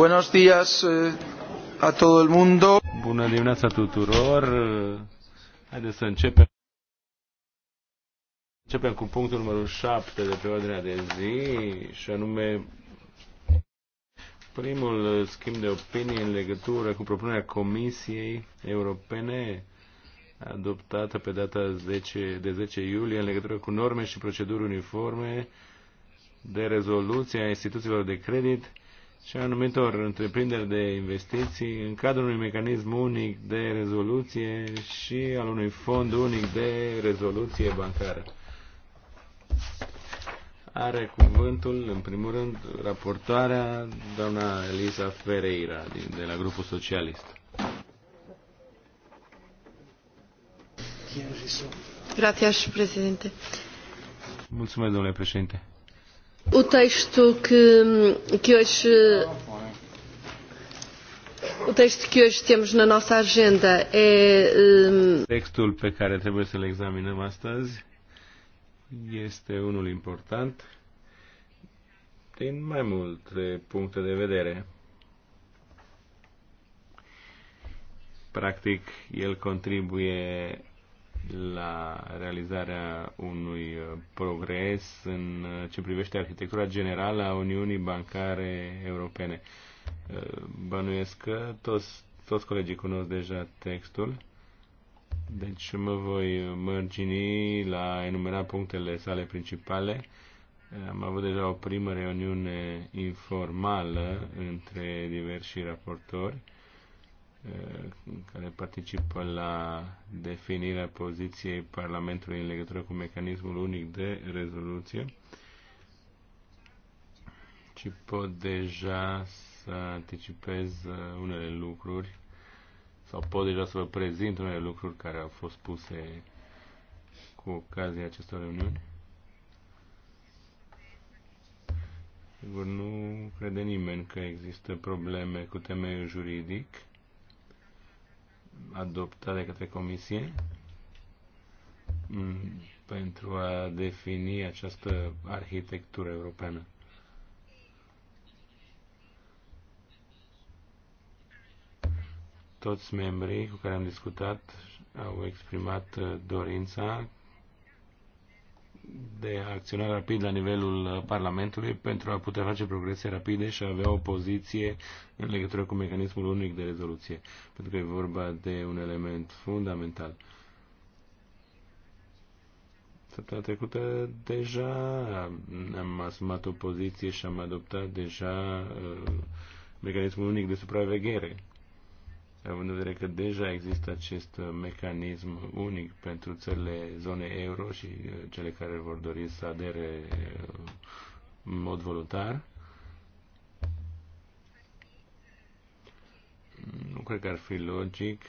Buenos días eh, a todo el mundo. Bună dimineața tuturor. Eh, haideți să începem. Începem cu punctul numărul 7 de pe ordinea de zi și anume primul schimb de opinie în legătură cu propunerea Comisiei Europene adoptată pe data 10, de 10 iulie în legătură cu norme și proceduri uniforme de rezoluție a instituțiilor de credit și anumitor întreprinderi de investiții în cadrul unui mecanism unic de rezoluție și al unui fond unic de rezoluție bancară. Are cuvântul, în primul rând, raportoarea doamna Elisa Ferreira din, de la Grupul Socialist. președinte. Mulțumesc, domnule președinte. O texto que, que hoje o texto que hoje temos na nossa agenda é um... textul pe care trebuie să-l examinăm astăzi este unul important din mai multe puncte de vedere. Practic, el contribuie la realizarea unui uh, progres în uh, ce privește arhitectura generală a Uniunii Bancare Europene. Uh, bănuiesc că toți, toți colegii cunosc deja textul, deci mă voi mărgini la enumera punctele sale principale. Am avut deja o primă reuniune informală între diversi raportori care participă la definirea poziției Parlamentului în legătură cu mecanismul unic de rezoluție și pot deja să anticipez uh, unele lucruri sau pot deja să vă prezint unele lucruri care au fost puse cu ocazia acestor reuniuni. Sigur, nu crede nimeni că există probleme cu temeiul juridic adoptat de către Comisie mm, pentru a defini această arhitectură europeană. Toți membrii cu care am discutat au exprimat uh, dorința de a acționa rapid la nivelul Parlamentului pentru a putea face progrese rapide și a avea o poziție în legătură cu mecanismul unic de rezoluție, pentru că e vorba de un element fundamental. Săptămâna trecută deja am asumat o poziție și am adoptat deja uh, mecanismul unic de supraveghere având în vedere că deja există acest uh, mecanism unic pentru țările zone euro și uh, cele care vor dori să adere uh, în mod voluntar. Nu cred că ar fi logic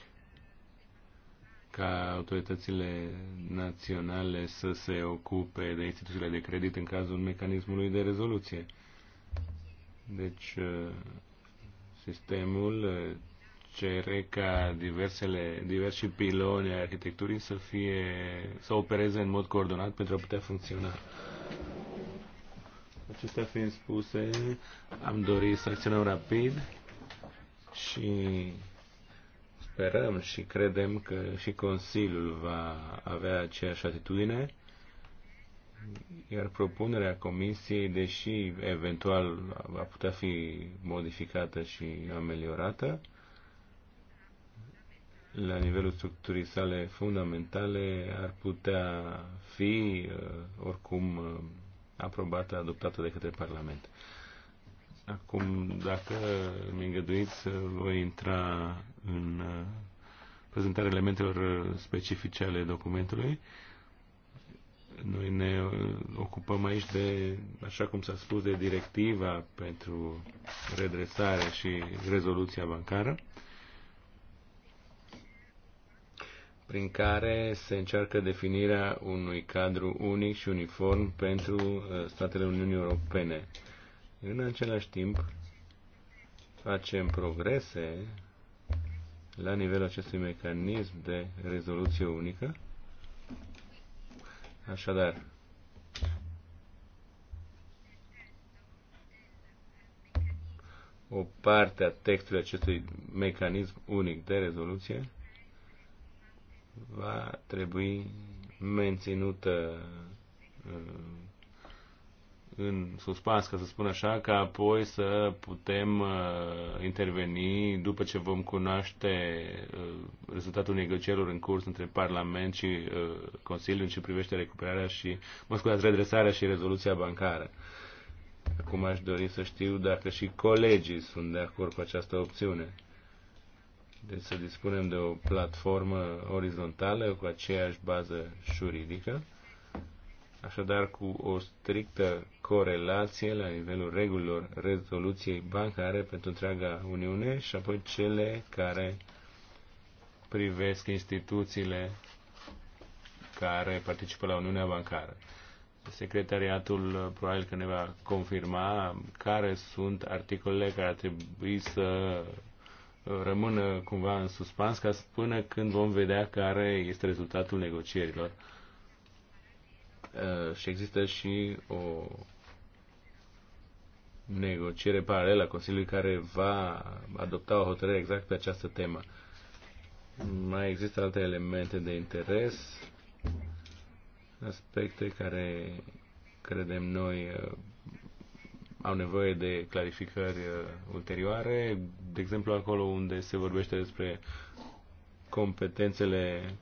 ca autoritățile naționale să se ocupe de instituțiile de credit în cazul mecanismului de rezoluție. Deci, sistemul ce reca diversele, diversi piloni ai arhitecturii să, fie, să opereze în mod coordonat pentru a putea funcționa. Acestea fiind spuse, am dorit să acționăm rapid și sperăm și credem că și Consiliul va avea aceeași atitudine, iar propunerea Comisiei, deși eventual va putea fi modificată și ameliorată, la nivelul structurii sale fundamentale ar putea fi uh, oricum uh, aprobată, adoptată de către Parlament. Acum, dacă mi îngăduiți, voi intra în uh, prezentarea elementelor specifice ale documentului. Noi ne ocupăm aici de, așa cum s-a spus, de directiva pentru redresare și rezoluția bancară. prin care se încearcă definirea unui cadru unic și uniform pentru uh, statele Uniunii Europene. În același timp, facem progrese la nivelul acestui mecanism de rezoluție unică. Așadar, o parte a textului acestui mecanism unic de rezoluție va trebui menținută uh, în suspans, ca să spun așa, ca apoi să putem uh, interveni după ce vom cunoaște uh, rezultatul negocierilor în curs între Parlament și uh, Consiliu în ce privește recuperarea și, mă scuzați, redresarea și rezoluția bancară. Acum aș dori să știu dacă și colegii sunt de acord cu această opțiune. Deci să dispunem de o platformă orizontală cu aceeași bază juridică, așadar cu o strictă corelație la nivelul regulilor rezoluției bancare pentru întreaga Uniune și apoi cele care privesc instituțiile care participă la Uniunea Bancară. Secretariatul probabil că ne va confirma care sunt articolele care ar trebui să rămână cumva în suspans ca până când vom vedea care este rezultatul negocierilor. Uh, și există și o negociere paralelă a Consiliului care va adopta o hotărâre exact pe această temă. Mai există alte elemente de interes, aspecte care credem noi uh, au nevoie de clarificări uh, ulterioare, de exemplu acolo unde se vorbește despre competențele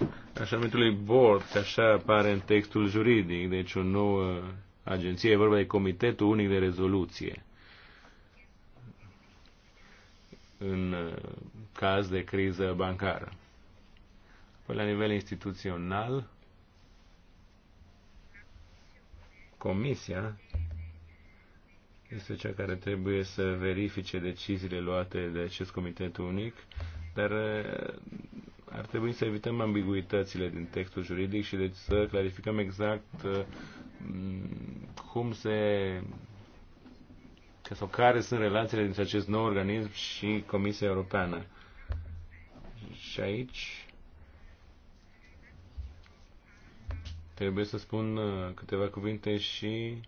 uh, așa numitului board, că așa apare în textul juridic, deci o nouă agenție, e vorba de Comitetul Unic de Rezoluție. În uh, caz de criză bancară. Păi la nivel instituțional, Comisia este cea care trebuie să verifice deciziile luate de acest comitet unic, dar eh, ar trebui să evităm ambiguitățile din textul juridic și deci să clarificăm exact eh, cum se sau care sunt relațiile dintre acest nou organism și Comisia Europeană. Și aici trebuie să spun uh, câteva cuvinte și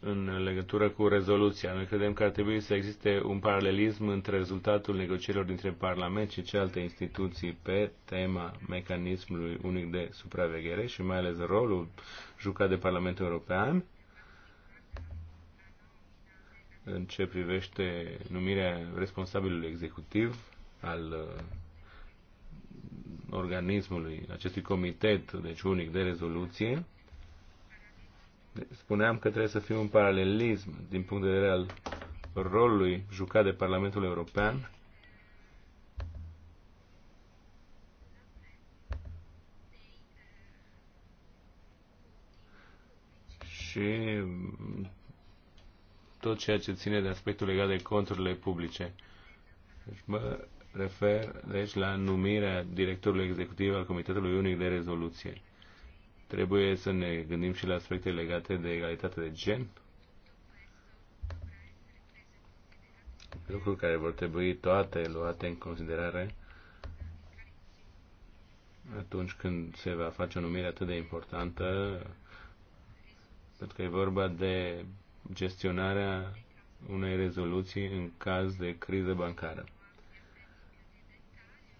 în legătură cu rezoluția. Noi credem că ar trebui să existe un paralelism între rezultatul negocierilor dintre Parlament și celelalte instituții pe tema mecanismului unic de supraveghere și mai ales rolul jucat de Parlamentul European în ce privește numirea responsabilului executiv al uh, organismului, acestui comitet, deci unic de rezoluție, spuneam că trebuie să fie un paralelism din punct de vedere al rolului jucat de Parlamentul European și tot ceea ce ține de aspectul legat de conturile publice. Deci mă refer deci la numirea directorului executiv al Comitetului Unic de Rezoluție. Trebuie să ne gândim și la aspecte legate de egalitate de gen, lucruri care vor trebui toate luate în considerare atunci când se va face o numire atât de importantă, pentru că e vorba de gestionarea unei rezoluții în caz de criză bancară.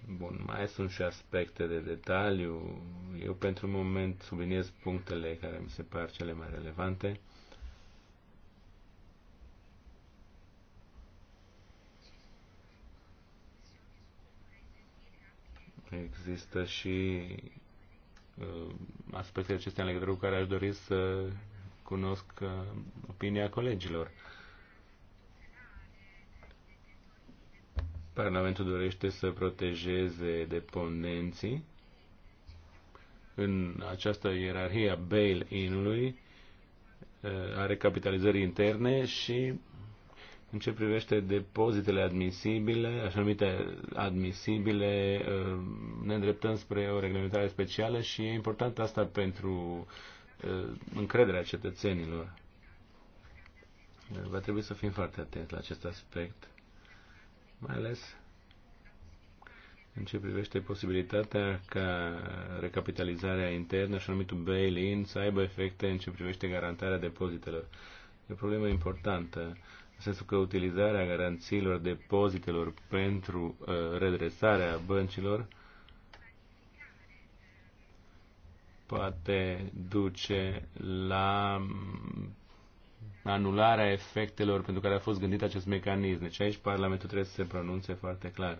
Bun, mai sunt și aspecte de detaliu. Eu pentru moment subliniez punctele care mi se par cele mai relevante. Există și uh, aspecte acestea în legătură cu care aș dori să cunosc uh, opinia colegilor. Uh, Parlamentul dorește să protejeze dependenții în această ierarhie a bail-in-ului, uh, are capitalizări interne și în ce privește depozitele admisibile, așa numite admisibile, uh, ne îndreptăm spre o reglementare specială și e important asta pentru uh, încrederea cetățenilor. Va trebui să fim foarte atenți la acest aspect mai ales în ce privește posibilitatea ca recapitalizarea internă și anumitul bail-in să aibă efecte în ce privește garantarea depozitelor. E o problemă importantă, în sensul că utilizarea garanțiilor depozitelor pentru uh, redresarea băncilor poate duce la anularea efectelor pentru care a fost gândit acest mecanism. Deci aici Parlamentul trebuie să se pronunțe foarte clar.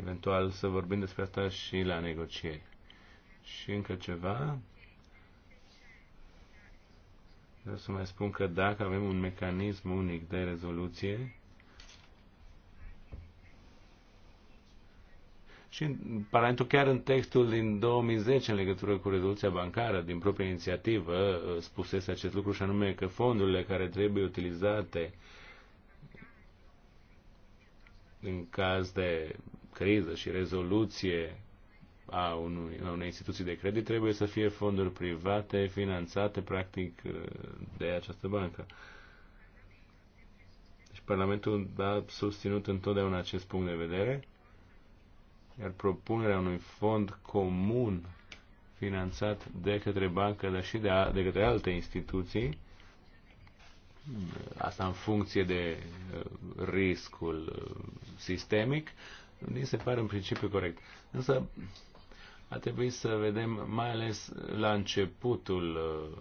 Eventual să vorbim despre asta și la negocieri. Și încă ceva. Vreau să mai spun că dacă avem un mecanism unic de rezoluție, și Parlamentul chiar în textul din 2010 în legătură cu rezoluția bancară din propria inițiativă uh, spusese acest lucru și anume că fondurile care trebuie utilizate în caz de criză și rezoluție a, unui, a unei instituții de credit trebuie să fie fonduri private finanțate practic uh, de această bancă. Deci Parlamentul a susținut întotdeauna acest punct de vedere iar propunerea unui fond comun finanțat de către bancă, dar și de, a, de către alte instituții, asta în funcție de uh, riscul uh, sistemic, mi se pare în principiu corect. Însă a trebuit să vedem, mai ales la începutul uh,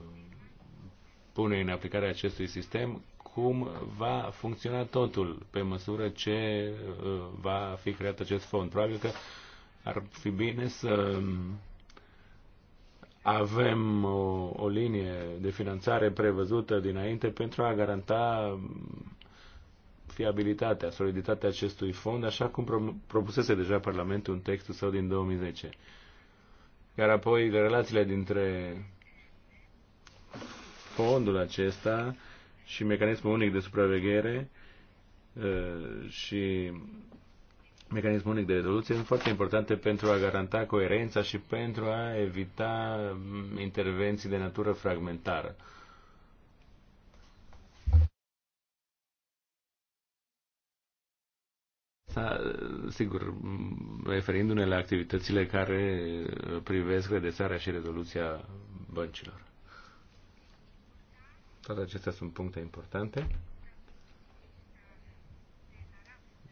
punerii în aplicare a acestui sistem, cum va funcționa totul pe măsură ce uh, va fi creat acest fond. Probabil că ar fi bine să um, avem o, o linie de finanțare prevăzută dinainte pentru a garanta um, fiabilitatea, soliditatea acestui fond, așa cum propusese deja Parlamentul în textul său din 2010. Iar apoi relațiile dintre fondul acesta și mecanismul unic de supraveghere uh, și mecanismul unic de rezoluție sunt foarte importante pentru a garanta coerența și pentru a evita mm, intervenții de natură fragmentară. asta, sigur, mm, referindu-ne la activitățile care privesc redesarea și rezoluția băncilor. Toate acestea sunt puncte importante.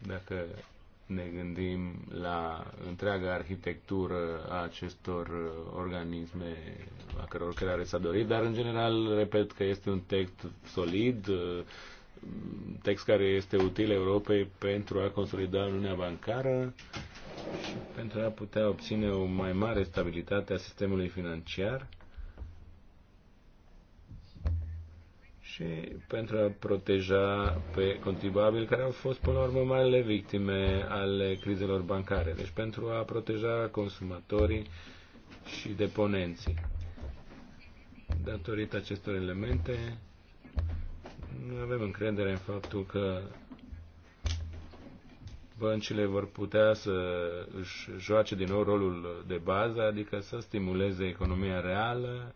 Dacă ne gândim la întreaga arhitectură a acestor organisme a căror creare s-a dorit, dar în general, repet că este un text solid, text care este util Europei pentru a consolida Uniunea Bancară și pentru a putea obține o mai mare stabilitate a sistemului financiar și pentru a proteja pe contribuabili care au fost până la urmă marele victime ale crizelor bancare, deci pentru a proteja consumatorii și deponenții. Datorită acestor elemente, nu avem încredere în faptul că băncile vor putea să își joace din nou rolul de bază, adică să stimuleze economia reală,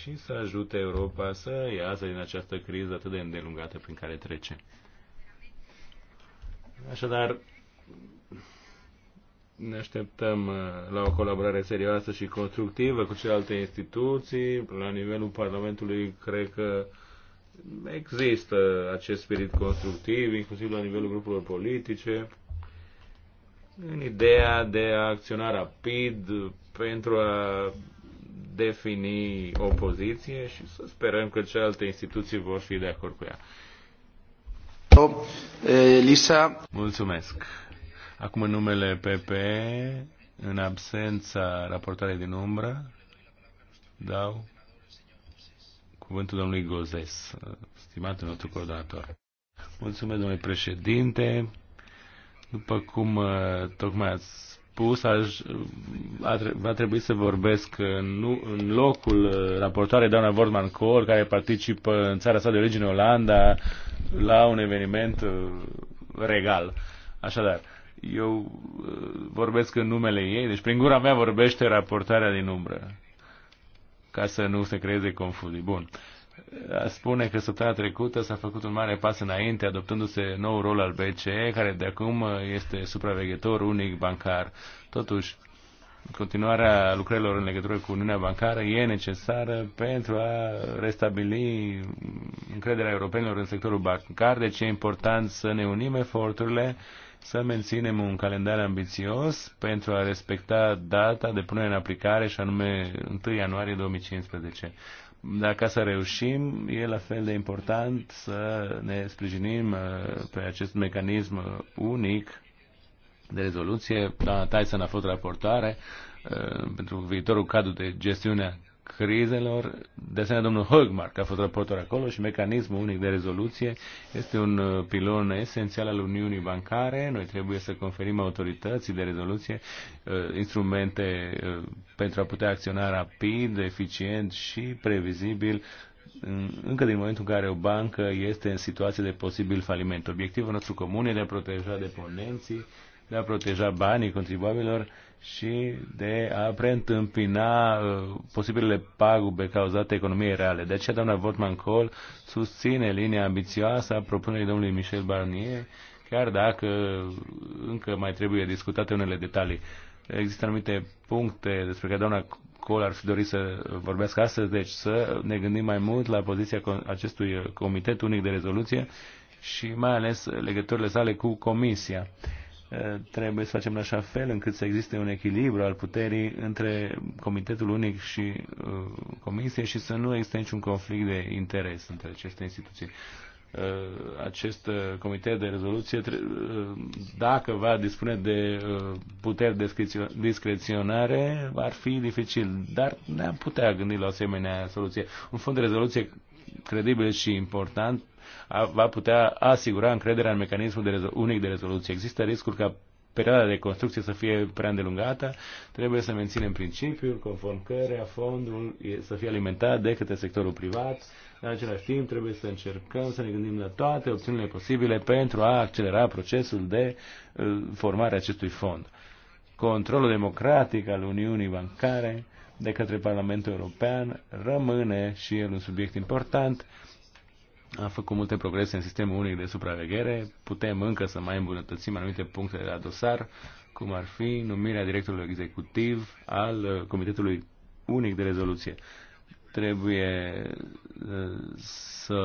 și să ajute Europa să iasă din această criză atât de îndelungată prin care trece. Așadar, ne așteptăm uh, la o colaborare serioasă și constructivă cu celelalte instituții. La nivelul Parlamentului, cred că există acest spirit constructiv, inclusiv la nivelul grupurilor politice, în ideea de a acționa rapid pentru a defini o poziție și să sperăm că celelalte instituții vor fi de acord cu ea. Eh, Lisa. Mulțumesc. Acum în numele PP, în absența raportarei din umbră, dau cuvântul domnului Gozes, stimatul nostru coordonator. Mulțumesc, domnule președinte. După cum eh, tocmai ați spus, aș, a, va trebui să vorbesc în, în locul raportoarei doamna Vortman Cor, care participă în țara sa de origine Olanda la un eveniment uh, regal. Așadar, eu uh, vorbesc în numele ei, deci prin gura mea vorbește raportarea din umbră, ca să nu se creeze confuzii. Bun. Uh, spune că săptămâna trecută s-a făcut un mare pas înainte, adoptându-se nou rol al BCE, care de acum este supraveghetor unic bancar. Totuși, continuarea lucrărilor în legătură cu Uniunea Bancară e necesară pentru a restabili încrederea europenilor în sectorul bancar, deci e important să ne unim eforturile, să menținem un calendar ambițios pentru a respecta data de punere în aplicare, și anume 1 ianuarie 2015. Dar ca să reușim, e la fel de important să ne sprijinim uh, pe acest mecanism unic de rezoluție. Doamna Tyson a fost raportare uh, pentru viitorul cadru de gestiune crizelor. De asemenea, domnul Högmark a fost raportor acolo și mecanismul unic de rezoluție este un uh, pilon esențial al Uniunii Bancare. Noi trebuie să conferim autorității de rezoluție uh, instrumente uh, pentru a putea acționa rapid, eficient și previzibil încă din momentul în care o bancă este în situație de posibil faliment. Obiectivul nostru comun e de a proteja deponenții, de a proteja banii contribuabilor și de a preîntâmpina uh, posibilele pagube cauzate economiei reale. De aceea, doamna Votman Cole susține linia ambițioasă a propunerii domnului Michel Barnier, chiar dacă încă mai trebuie discutate unele detalii. Există anumite puncte despre care doamna Cole ar fi dorit să vorbească astăzi, deci să ne gândim mai mult la poziția acestui Comitet Unic de Rezoluție și mai ales legăturile sale cu Comisia trebuie să facem în așa fel încât să existe un echilibru al puterii între Comitetul Unic și Comisie și să nu existe niciun conflict de interes între aceste instituții. acest comitet de rezoluție, dacă va dispune de puteri discrețio discreționare, ar fi dificil, dar ne-am putea gândi la o asemenea soluție. Un fond de rezoluție credibil și important va putea asigura încrederea în mecanismul de unic de rezoluție. Există riscul ca perioada de construcție să fie prea îndelungată, trebuie să menținem principiul conform căreia fondul să fie alimentat de către sectorul privat. În același timp, trebuie să încercăm să ne gândim la toate opțiunile posibile pentru a accelera procesul de formare a acestui fond. Controlul democratic al Uniunii Bancare de către Parlamentul European rămâne și el un subiect important a făcut multe progrese în sistemul unic de supraveghere. Putem încă să mai îmbunătățim anumite puncte de la dosar, cum ar fi numirea directorului executiv al uh, Comitetului Unic de Rezoluție. Trebuie uh, să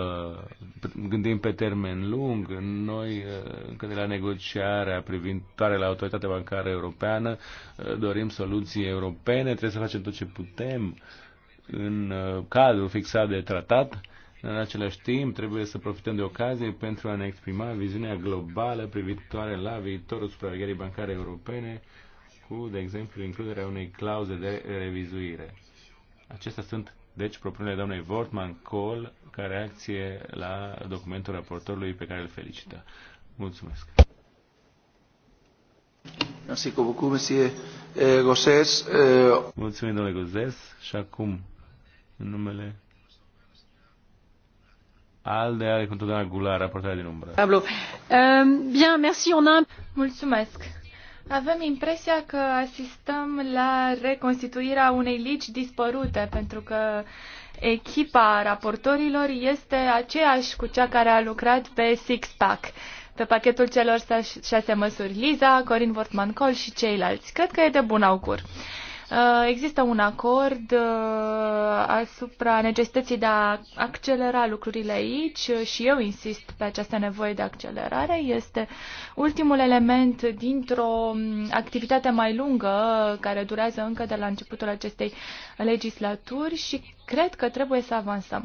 gândim pe termen lung. Noi, uh, încă de la negociarea privitoare la Autoritatea Bancară Europeană, dorim soluții europene, trebuie să facem tot ce putem în cadrul fixat de tratat în același timp, trebuie să profităm de ocazie pentru a ne exprima viziunea globală privitoare la viitorul supravegherii bancare europene, cu, de exemplu, includerea unei clauze de revizuire. Acestea sunt, deci, propunerile doamnei Wortmann, Kohl ca reacție la documentul raportorului pe care îl felicită. Mulțumesc! Eh, eh, Mulțumim, domnule Gozes. Și acum, în numele ALDE are cuvântul doamna Gular, raportarea din umbră. Pablo. Ehm, bien, merci, on a... Mulțumesc. Avem impresia că asistăm la reconstituirea unei legi dispărute, pentru că echipa raportorilor este aceeași cu cea care a lucrat pe six-pack pe pachetul celor șase măsuri Liza, Corin Wortman-Col și ceilalți. Cred că e de bun augur. Uh, există un acord uh, asupra necesității de a accelera lucrurile aici și eu insist pe această nevoie de accelerare. Este ultimul element dintr-o um, activitate mai lungă care durează încă de la începutul acestei legislaturi și cred că trebuie să avansăm.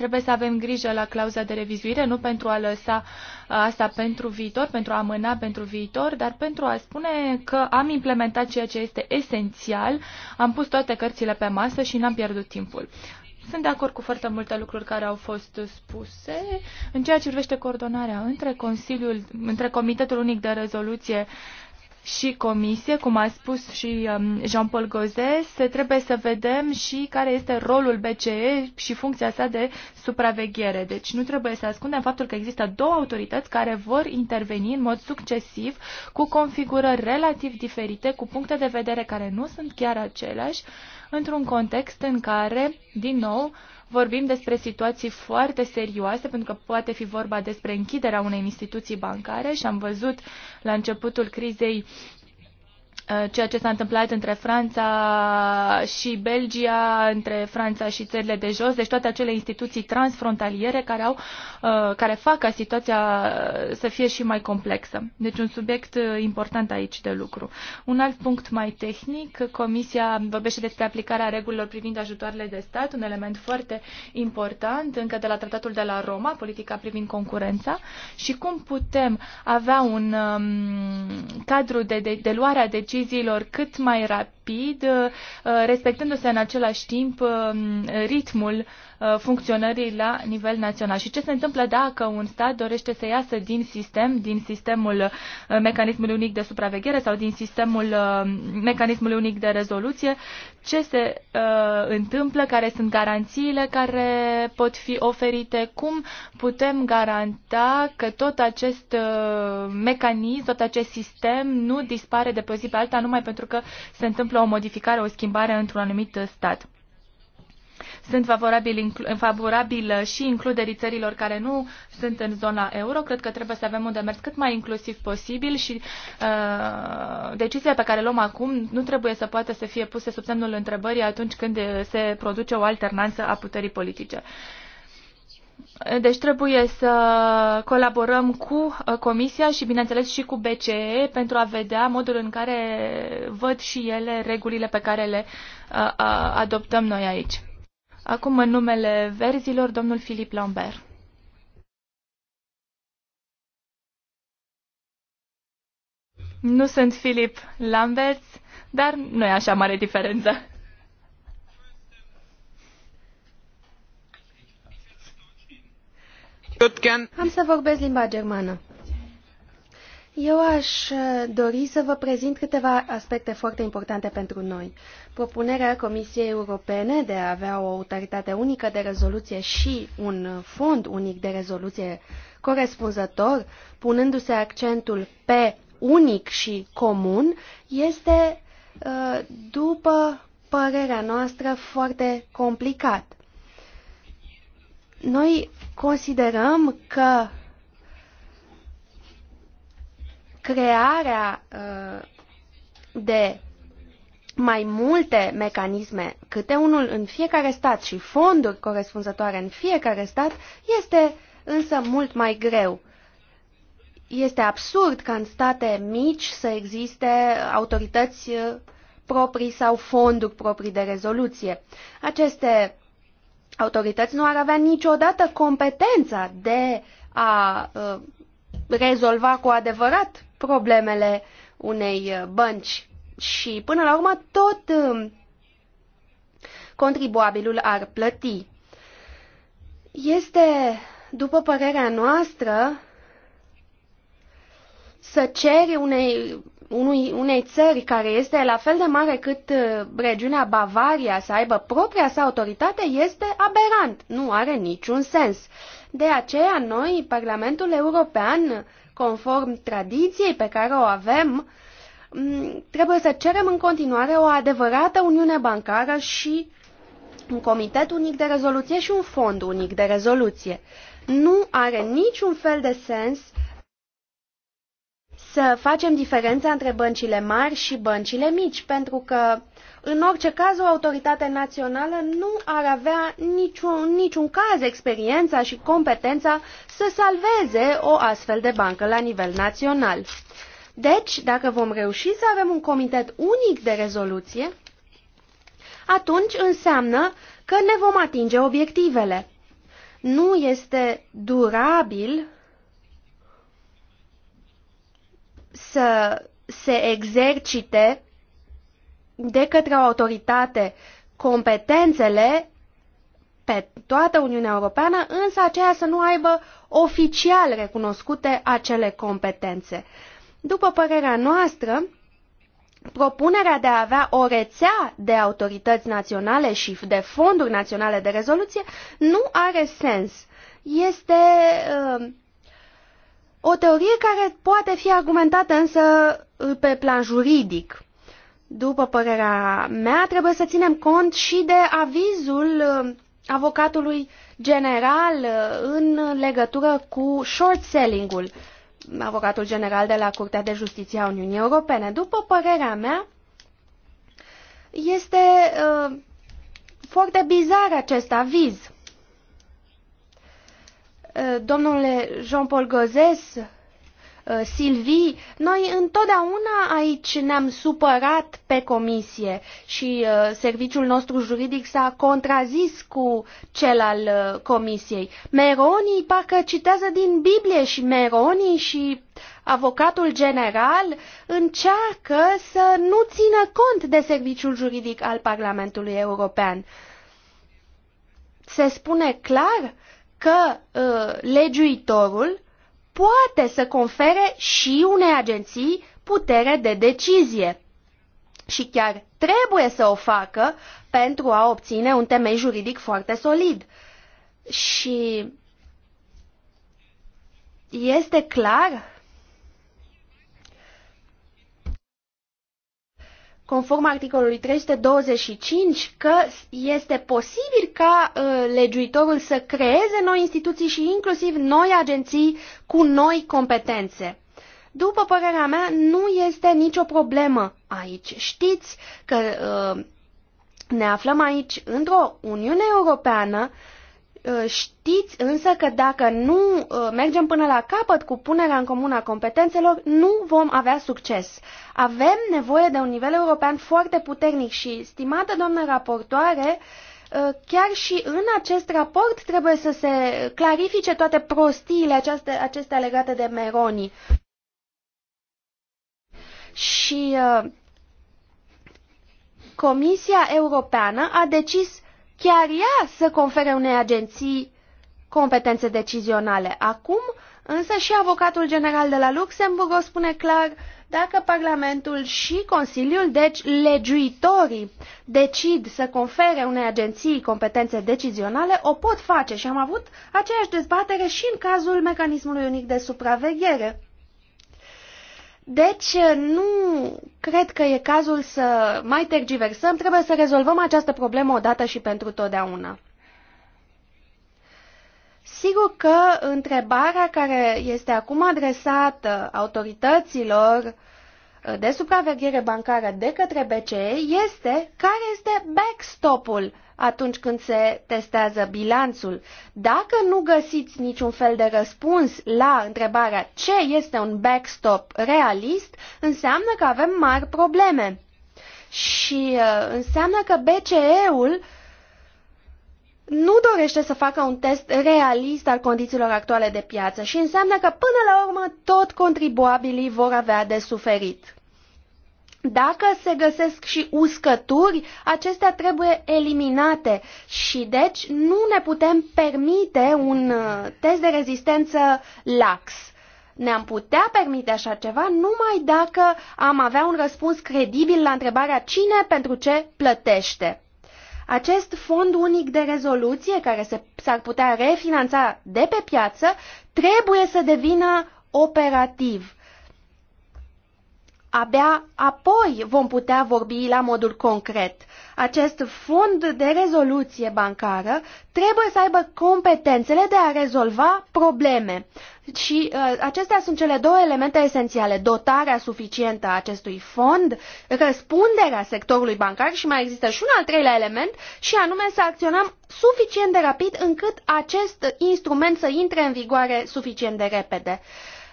Trebuie să avem grijă la clauza de revizuire, nu pentru a lăsa uh, asta pentru viitor, pentru a amâna pentru viitor, dar pentru a spune că am implementat ceea ce este esențial, am pus toate cărțile pe masă și n-am pierdut timpul. Sunt de acord cu foarte multe lucruri care au fost spuse. În ceea ce privește coordonarea între Consiliul, între Comitetul Unic de Rezoluție și comisie, cum a spus și um, Jean-Paul Gozes, trebuie să vedem și care este rolul BCE și funcția sa de supraveghere. Deci nu trebuie să ascundem faptul că există două autorități care vor interveni în mod succesiv cu configurări relativ diferite, cu puncte de vedere care nu sunt chiar aceleași, într-un context în care, din nou, vorbim despre situații foarte serioase, pentru că poate fi vorba despre închiderea unei instituții bancare și am văzut la începutul crizei Uh, ceea ce s-a întâmplat între Franța și Belgia, între Franța și țările de jos, deci toate acele instituții transfrontaliere care, au, uh, care fac ca situația uh, să fie și mai complexă. Deci un subiect important aici de lucru. Un alt punct mai tehnic, Comisia vorbește despre aplicarea regulilor privind ajutoarele de stat, un element foarte important încă de la Tratatul de la Roma, politica privind concurența și cum putem avea un um, cadru de, de, de luare a decizii deciziilor cât mai rapid, uh, respectându-se în același timp um, ritmul Uh, funcționării la nivel național. Și ce se întâmplă dacă un stat dorește să iasă din sistem, din sistemul uh, mecanismului unic de supraveghere sau din sistemul uh, mecanismului unic de rezoluție, ce se uh, întâmplă, care sunt garanțiile care pot fi oferite, cum putem garanta că tot acest uh, mecanism, tot acest sistem nu dispare de pe o zi pe alta numai pentru că se întâmplă o modificare, o schimbare într-un anumit stat sunt favorabil, favorabil uh, și includerii țărilor care nu sunt în zona euro. Cred că trebuie să avem un demers cât mai inclusiv posibil și uh, decizia pe care luăm acum nu trebuie să poată să fie puse sub semnul întrebării atunci când uh, se produce o alternanță a puterii politice. Deci trebuie să colaborăm cu uh, Comisia și, bineînțeles, și cu BCE pentru a vedea modul în care văd și ele regulile pe care le adoptăm noi aici. Acum, în numele verzilor, domnul Filip Lambert. Nu sunt Filip Lambert, dar nu e așa mare diferență. Am să vorbesc limba germană. Eu aș uh, dori să vă prezint câteva aspecte foarte importante pentru noi. Propunerea Comisiei Europene de a avea o autoritate unică de rezoluție și un fond unic de rezoluție corespunzător, punându-se accentul pe unic și comun, este, uh, după părerea noastră, foarte complicat. Noi considerăm că crearea uh, de mai multe mecanisme, câte unul în fiecare stat și fonduri corespunzătoare în fiecare stat, este însă mult mai greu. Este absurd ca în state mici să existe autorități uh, proprii sau fonduri proprii de rezoluție. Aceste autorități nu ar avea niciodată competența de a uh, rezolva cu adevărat problemele unei uh, bănci. Și până la urmă tot um, contribuabilul ar plăti. Este, după părerea noastră, să ceri unei, unui, unei țări care este la fel de mare cât uh, regiunea Bavaria să aibă propria sa autoritate este aberant, nu are niciun sens. De aceea noi, Parlamentul European, conform tradiției pe care o avem, trebuie să cerem în continuare o adevărată uniune bancară și un comitet unic de rezoluție și un fond unic de rezoluție. Nu are niciun fel de sens să facem diferența între băncile mari și băncile mici, pentru că în orice caz, o autoritate națională nu ar avea niciun, niciun caz experiența și competența să salveze o astfel de bancă la nivel național. Deci, dacă vom reuși să avem un comitet unic de rezoluție, atunci înseamnă că ne vom atinge obiectivele. Nu este durabil să se exercite de către o autoritate competențele pe toată Uniunea Europeană, însă aceea să nu aibă oficial recunoscute acele competențe. După părerea noastră, propunerea de a avea o rețea de autorități naționale și de fonduri naționale de rezoluție nu are sens. Este uh, o teorie care poate fi argumentată însă pe plan juridic. După părerea mea, trebuie să ținem cont și de avizul uh, avocatului general uh, în legătură cu short selling-ul, avocatul general de la Curtea de Justiție a Uniunii Europene. După părerea mea, este uh, foarte bizar acest aviz. Uh, domnule Jean-Paul Gozes, Uh, Silvii, noi întotdeauna aici ne-am supărat pe comisie și uh, serviciul nostru juridic s-a contrazis cu cel al uh, comisiei. Meronii parcă citează din Biblie și Meronii și avocatul general încearcă să nu țină cont de serviciul juridic al Parlamentului European. Se spune clar că uh, legiuitorul poate să confere și unei agenții putere de decizie. Și chiar trebuie să o facă pentru a obține un temei juridic foarte solid. Și este clar conform articolului 325, că este posibil ca uh, legiuitorul să creeze noi instituții și inclusiv noi agenții cu noi competențe. După părerea mea, nu este nicio problemă aici. Știți că uh, ne aflăm aici într-o Uniune Europeană uh, Uh, știți însă că dacă nu uh, mergem până la capăt cu punerea în comun a competențelor, nu vom avea succes. Avem nevoie de un nivel european foarte puternic și, stimată doamnă raportoare, uh, chiar și în acest raport trebuie să se clarifice toate prostiile aceste, acestea legate de Meroni. Și uh, Comisia Europeană a decis chiar ea să confere unei agenții competențe decizionale. Acum, însă și avocatul general de la Luxemburg o spune clar dacă Parlamentul și Consiliul, deci legiuitorii, decid să confere unei agenții competențe decizionale, o pot face și am avut aceeași dezbatere și în cazul mecanismului unic de supraveghere. Deci nu cred că e cazul să mai tergiversăm, trebuie să rezolvăm această problemă odată și pentru totdeauna. Sigur că întrebarea care este acum adresată autorităților uh, de supraveghere bancară de către BCE este care este backstop-ul atunci când se testează bilanțul. Dacă nu găsiți niciun fel de răspuns la întrebarea ce este un backstop realist, înseamnă că avem mari probleme. Și uh, înseamnă că BCE-ul nu dorește să facă un test realist al condițiilor actuale de piață și înseamnă că până la urmă tot contribuabilii vor avea de suferit. Dacă se găsesc și uscături, acestea trebuie eliminate și deci nu ne putem permite un uh, test de rezistență lax. Ne-am putea permite așa ceva numai dacă am avea un răspuns credibil la întrebarea cine pentru ce plătește. Acest fond unic de rezoluție care s-ar putea refinanța de pe piață trebuie să devină operativ Abia apoi vom putea vorbi la modul concret. Acest fond de rezoluție bancară trebuie să aibă competențele de a rezolva probleme. Și uh, acestea sunt cele două elemente esențiale. Dotarea suficientă a acestui fond, răspunderea sectorului bancar și mai există și un al treilea element și anume să acționăm suficient de rapid încât acest instrument să intre în vigoare suficient de repede. Uh,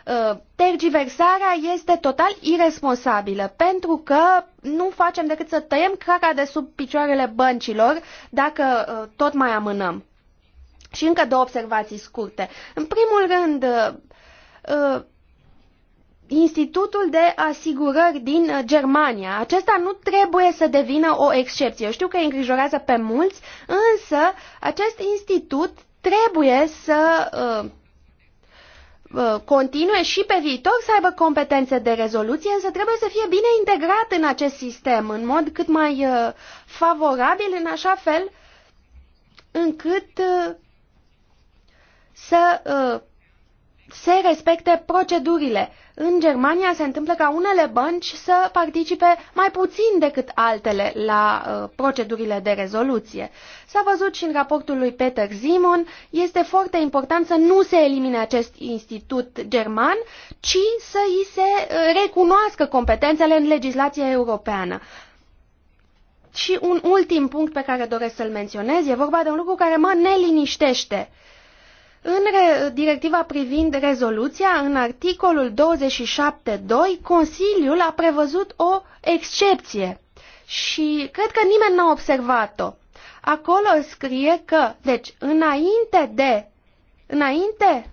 Uh, tergiversarea este total irresponsabilă, pentru că nu facem decât să tăiem craca de sub picioarele băncilor dacă uh, tot mai amânăm. Și încă două observații scurte. În primul rând, uh, Institutul de Asigurări din Germania. Acesta nu trebuie să devină o excepție. Eu știu că îngrijorează pe mulți, însă acest institut trebuie să uh, Uh, continue și pe viitor să aibă competențe de rezoluție, însă trebuie să fie bine integrat în acest sistem, în mod cât mai uh, favorabil, în așa fel încât uh, să se respecte procedurile. În Germania se întâmplă ca unele bănci să participe mai puțin decât altele la uh, procedurile de rezoluție. S-a văzut și în raportul lui Peter Simon, este foarte important să nu se elimine acest institut german, ci să îi se uh, recunoască competențele în legislația europeană. Și un ultim punct pe care doresc să-l menționez, e vorba de un lucru care mă neliniștește. Uh, în directiva privind rezoluția, în articolul 27.2, Consiliul a prevăzut o excepție și cred că nimeni n-a observat-o. Acolo scrie că, deci, înainte de, înainte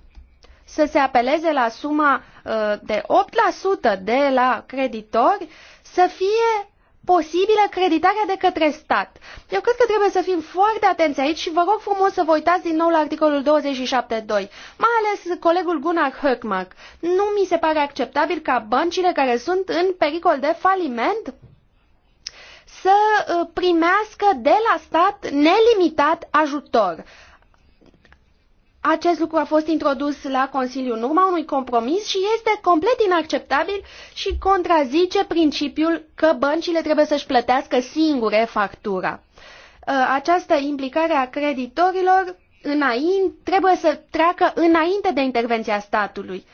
să se apeleze la suma uh, de 8% de la creditori, să fie posibilă creditarea de către stat. Eu cred că trebuie să fim foarte atenți aici și vă rog frumos să vă uitați din nou la articolul 27.2, mai ales colegul Gunnar Höckmark. Nu mi se pare acceptabil ca băncile care sunt în pericol de faliment să uh, primească de la stat nelimitat ajutor. Acest lucru a fost introdus la Consiliu în urma unui compromis și este complet inacceptabil și contrazice principiul că băncile trebuie să-și plătească singure factura. Uh, această implicare a creditorilor înainte, trebuie să treacă înainte de intervenția statului.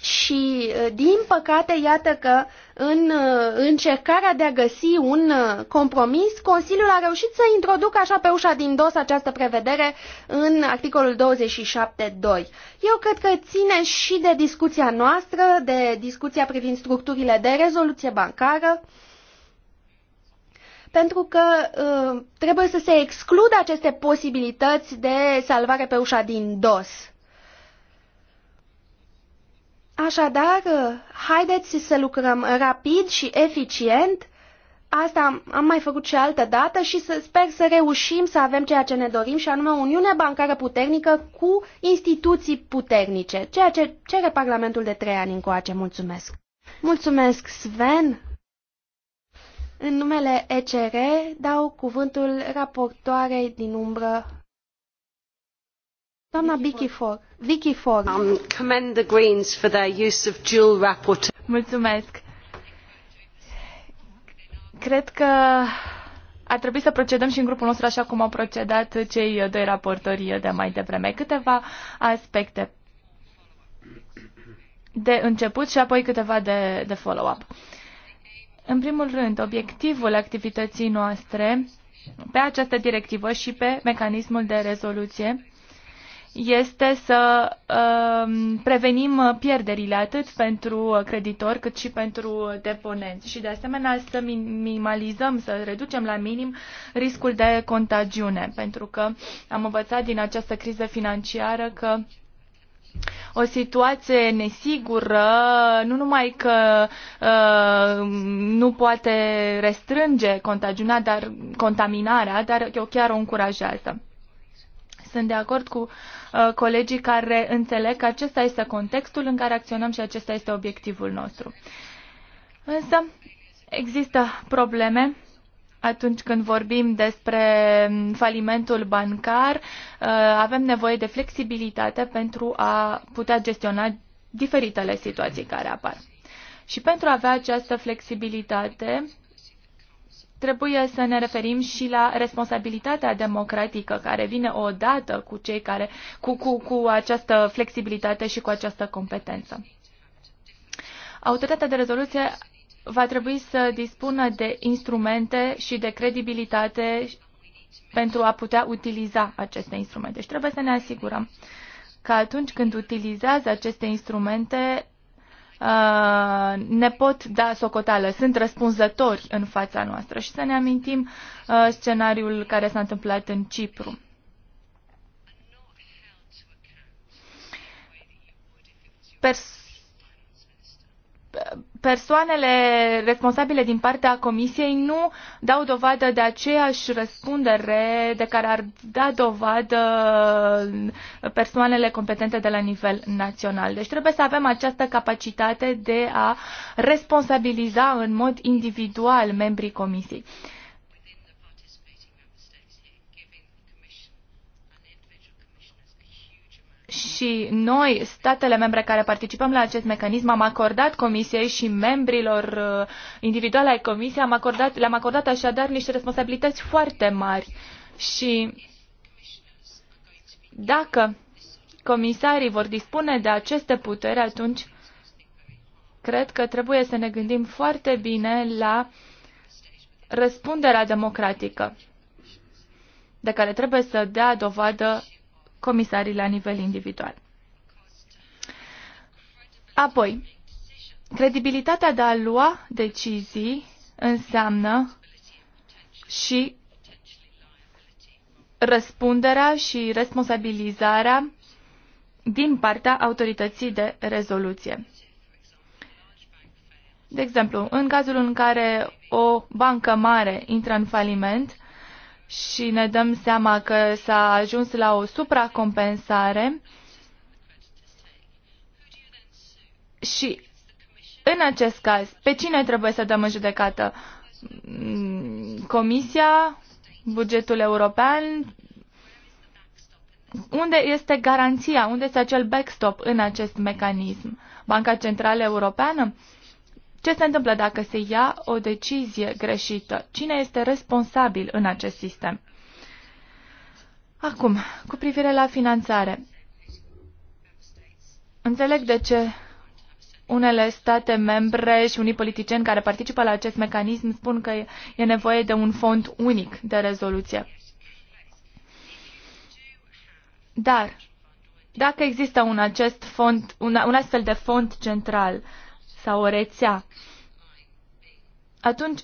Și, uh, din păcate, iată că în uh, încercarea de a găsi un uh, compromis, Consiliul a reușit să introducă așa pe ușa din dos această prevedere în articolul 27.2. Eu cred că ține și de discuția noastră, de discuția privind structurile de rezoluție bancară, pentru că uh, trebuie să se excludă aceste posibilități de salvare pe ușa din dos Așadar, uh, haideți să lucrăm rapid și eficient. Asta am mai făcut și altă dată și să sper să reușim să avem ceea ce ne dorim și anume o uniune bancară puternică cu instituții puternice, ceea ce cere Parlamentul de trei ani încoace. Mulțumesc! Mulțumesc, Sven! În numele ECR dau cuvântul raportoarei din umbră Doamna Vicky Ford. Vicky Ford. Um, commend the Greens for their use of dual rapporteur. Mulțumesc. Cred că ar trebui să procedăm și în grupul nostru așa cum au procedat cei doi raportori de mai devreme. Câteva aspecte de început și apoi câteva de, de follow-up. În primul rând, obiectivul activității noastre pe această directivă și pe mecanismul de rezoluție este să uh, prevenim pierderile atât pentru creditor cât și pentru deponenți și de asemenea să minimalizăm, să reducem la minim riscul de contagiune, pentru că am învățat din această criză financiară că o situație nesigură, nu numai că uh, nu poate restrânge contagiunea, dar contaminarea, dar chiar o încurajează. Sunt de acord cu uh, colegii care înțeleg că acesta este contextul în care acționăm și acesta este obiectivul nostru. Însă există probleme atunci când vorbim despre mm, falimentul bancar, uh, avem nevoie de flexibilitate pentru a putea gestiona diferitele situații care apar. Și pentru a avea această flexibilitate, trebuie să ne referim și la responsabilitatea democratică care vine odată cu cei care cu, cu, cu această flexibilitate și cu această competență. Autoritatea de rezoluție va trebui să dispună de instrumente și de credibilitate pentru a putea utiliza aceste instrumente. Deci trebuie să ne asigurăm că atunci când utilizează aceste instrumente, Uh, ne pot da socoteală, sunt răspunzători în fața noastră și să ne amintim uh, scenariul care s-a întâmplat în Cipru. Pers- persoanele responsabile din partea Comisiei nu dau dovadă de aceeași răspundere de care ar da dovadă persoanele competente de la nivel național. Deci trebuie să avem această capacitate de a responsabiliza în mod individual membrii Comisiei. și noi, statele membre care participăm la acest mecanism, am acordat Comisiei și membrilor uh, individuale ai Comisiei, am acordat, le-am acordat așadar niște responsabilități foarte mari. Și dacă comisarii vor dispune de aceste puteri, atunci cred că trebuie să ne gândim foarte bine la răspunderea democratică de care trebuie să dea dovadă comisarii la nivel individual. Apoi, credibilitatea de a lua decizii înseamnă și răspunderea și responsabilizarea din partea autorității de rezoluție. De exemplu, în cazul în care o bancă mare intră în faliment, și ne dăm seama că s-a ajuns la o supracompensare și în acest caz, pe cine trebuie să dăm în judecată? Comisia? Bugetul european? Unde este garanția? Unde este acel backstop în acest mecanism? Banca Centrală Europeană? Uh, ce se întâmplă dacă se ia o decizie greșită? Cine este responsabil în acest sistem? Acum, cu privire la finanțare. Înțeleg de ce unele state membre și unii politicieni care participă la acest mecanism spun că e nevoie de un fond unic de rezoluție. Dar, dacă există un, acest fond, un, un astfel de fond central, uh, sau o rețea, atunci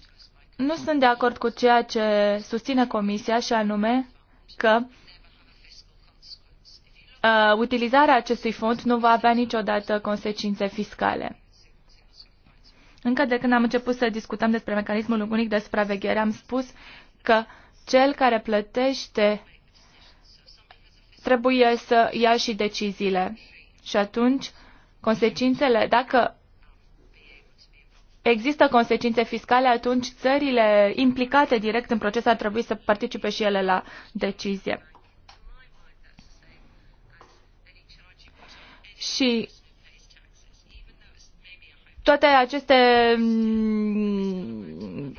nu sunt de acord cu ceea ce susține Comisia și anume că uh, utilizarea acestui fond nu va avea niciodată consecințe fiscale. Încă de când am început să discutăm despre mecanismul unic de supraveghere, am spus că cel care plătește trebuie să ia și deciziile. Și atunci, consecințele, dacă există consecințe fiscale, atunci țările implicate direct în proces ar trebui să participe și ele la decizie. Și toate aceste mm,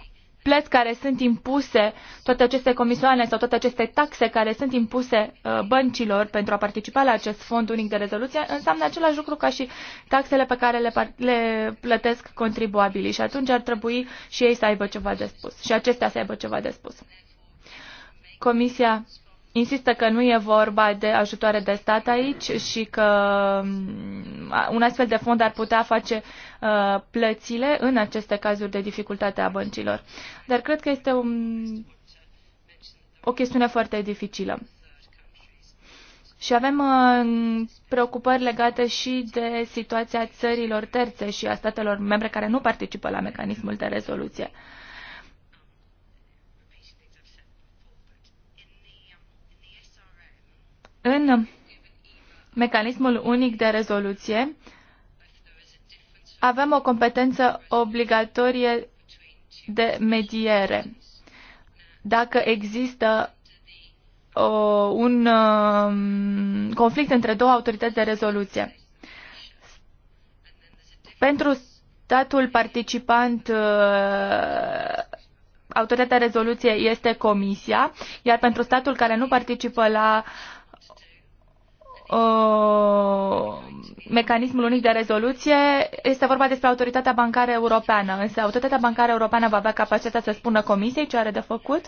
plăți care sunt impuse, toate aceste comisioane sau toate aceste taxe care sunt impuse uh, băncilor pentru a participa la acest fond unic de rezoluție, înseamnă același lucru ca și taxele pe care le, le plătesc contribuabilii și atunci ar trebui și ei să aibă ceva de spus și acestea să aibă ceva de spus. Comisia insistă că nu e vorba de ajutoare de stat aici și că mm, un astfel de fond ar putea face uh, plățile în aceste cazuri de dificultate a băncilor. Dar cred că este un, o chestiune foarte dificilă. Și avem uh, preocupări legate și de situația țărilor terțe și a statelor membre care nu participă la mecanismul de rezoluție. Uh, În mecanismul unic de rezoluție avem o competență obligatorie de mediere. Dacă există o, un um, conflict între două autorități de rezoluție. Pentru statul participant, uh, autoritatea rezoluție este comisia, iar pentru statul care nu participă la uh, Uh, mecanismul unic de rezoluție, este vorba despre Autoritatea Bancară Europeană. Însă Autoritatea Bancară Europeană va avea capacitatea să spună Comisiei ce are de făcut?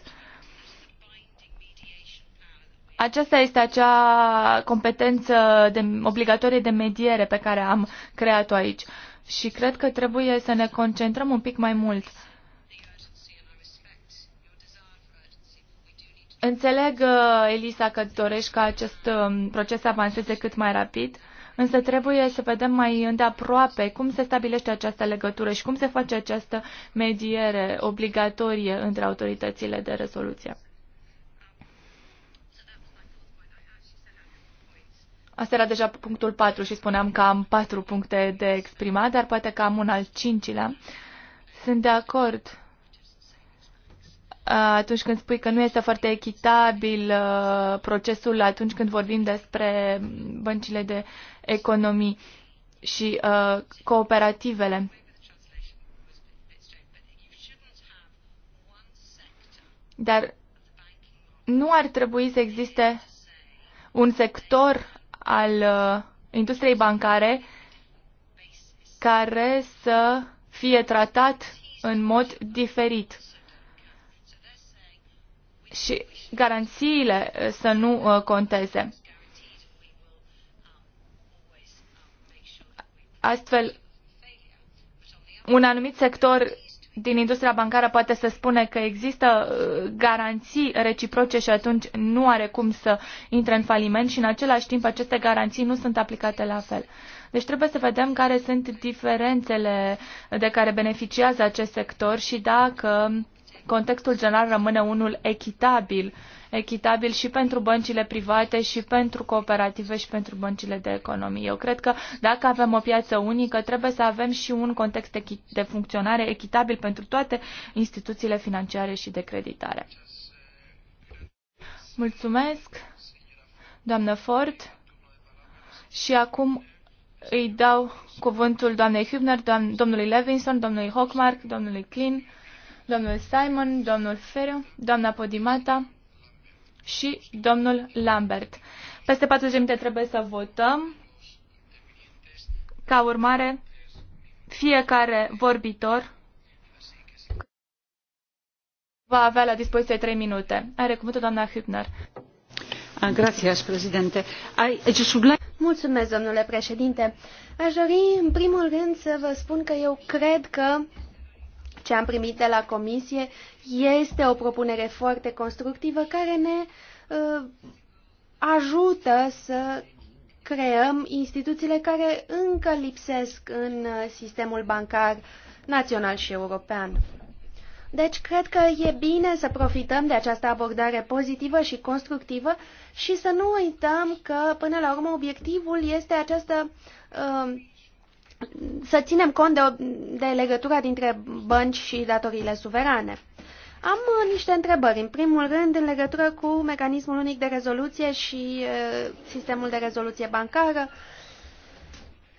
Aceasta este acea competență de, obligatorie de mediere pe care am creat-o aici. Și cred că trebuie să ne concentrăm un pic mai mult uh, Înțeleg, uh, Elisa, că dorești ca acest um, proces să avanseze cât mai rapid, însă trebuie să vedem mai îndeaproape cum se stabilește această legătură și cum se face această mediere obligatorie între autoritățile de rezoluție. Asta era deja punctul 4 și spuneam că am 4 puncte de exprimat, dar poate că am un al cincilea. Sunt de acord Uh, atunci când spui că nu este foarte echitabil uh, procesul atunci când vorbim despre băncile de economii și uh, cooperativele. Dar nu ar trebui să existe un sector al industriei bancare care să fie tratat în mod diferit și garanțiile să nu conteze. Astfel, un anumit sector din industria bancară poate să spune că există garanții reciproce și atunci nu are cum să intre în faliment și în același timp aceste garanții nu sunt aplicate la fel. Deci trebuie să vedem care sunt diferențele de care beneficiază acest sector și dacă contextul general rămâne unul echitabil, echitabil și pentru băncile private și pentru cooperative și pentru băncile de economie. Eu cred că dacă avem o piață unică, trebuie să avem și un context de funcționare echitabil pentru toate instituțiile financiare și de creditare. Mulțumesc, doamnă Ford. Și acum îi dau cuvântul doamnei Hübner, doamn, domnului Levinson, domnului Hockmark, domnului Klein domnul Simon, domnul Ferro, doamna Podimata și domnul Lambert. Peste 40 minute trebuie să votăm. Ca urmare, fiecare vorbitor va avea la dispoziție 3 minute. Are cuvântul doamna Hübner. Ah, gracias, președinte. Deci, Mulțumesc, domnule președinte. Aș dori, în primul rând, să vă spun că eu cred că ce am primit de la comisie este o propunere foarte constructivă care ne uh, ajută să creăm instituțiile care încă lipsesc în uh, sistemul bancar național și european. Deci, cred că e bine să profităm de această abordare pozitivă și constructivă și să nu uităm că, până la urmă, obiectivul este această uh, să ținem cont de, de legătura dintre bănci și datoriile suverane. Am uh, niște întrebări. În primul rând, în legătură cu mecanismul unic de rezoluție și uh, sistemul de rezoluție bancară,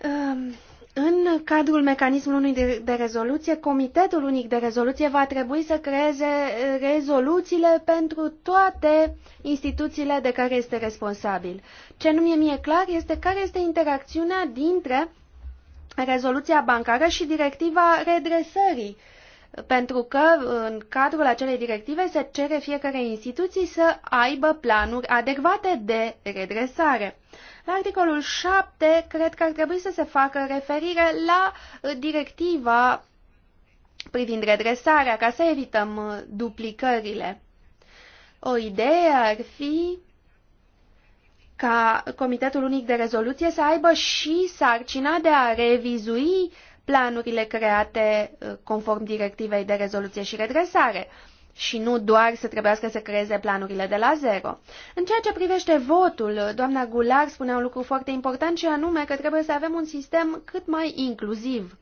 uh, în cadrul mecanismului unic de, de rezoluție, Comitetul unic de rezoluție va trebui să creeze uh, rezoluțiile pentru toate instituțiile de care este responsabil. Ce nu mi-e mie clar este care este interacțiunea dintre rezoluția bancară și directiva redresării, pentru că în cadrul acelei directive se cere fiecare instituții să aibă planuri adecvate de redresare. La articolul 7, cred că ar trebui să se facă referire la directiva privind redresarea, ca să evităm duplicările. O idee ar fi ca Comitetul Unic de Rezoluție să aibă și sarcina de a revizui planurile create uh, conform directivei de rezoluție și redresare și nu doar să trebuiască să creeze planurile de la zero. În ceea ce privește votul, doamna Gular spunea un lucru foarte important și anume că trebuie să avem un sistem cât mai inclusiv.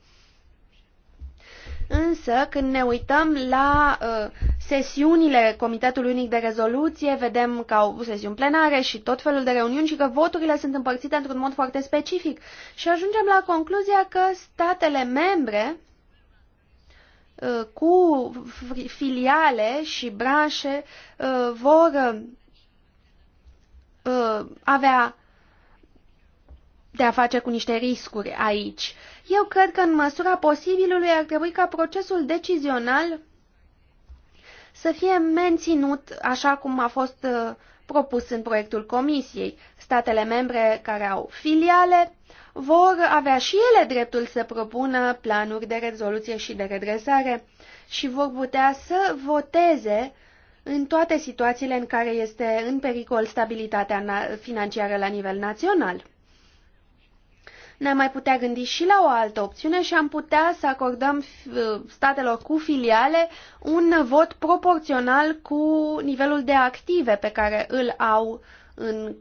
Însă, când ne uităm la uh, sesiunile Comitetului Unic de Rezoluție, vedem că au sesiuni plenare și tot felul de reuniuni și că voturile sunt împărțite într-un mod foarte specific. Și ajungem la concluzia că statele membre uh, cu filiale și branșe uh, vor uh, avea de a face cu niște riscuri aici. Uh, eu cred că în măsura posibilului ar trebui ca procesul decizional să fie menținut așa cum a fost uh, propus în proiectul Comisiei. Statele membre care au filiale vor avea și ele dreptul să propună planuri de rezoluție și de redresare și vor putea să voteze în toate situațiile în care este în pericol stabilitatea financiară la nivel național ne-am mai putea gândi și la o altă opțiune și am putea să acordăm uh, statelor cu filiale un vot proporțional cu nivelul de active pe care îl au în,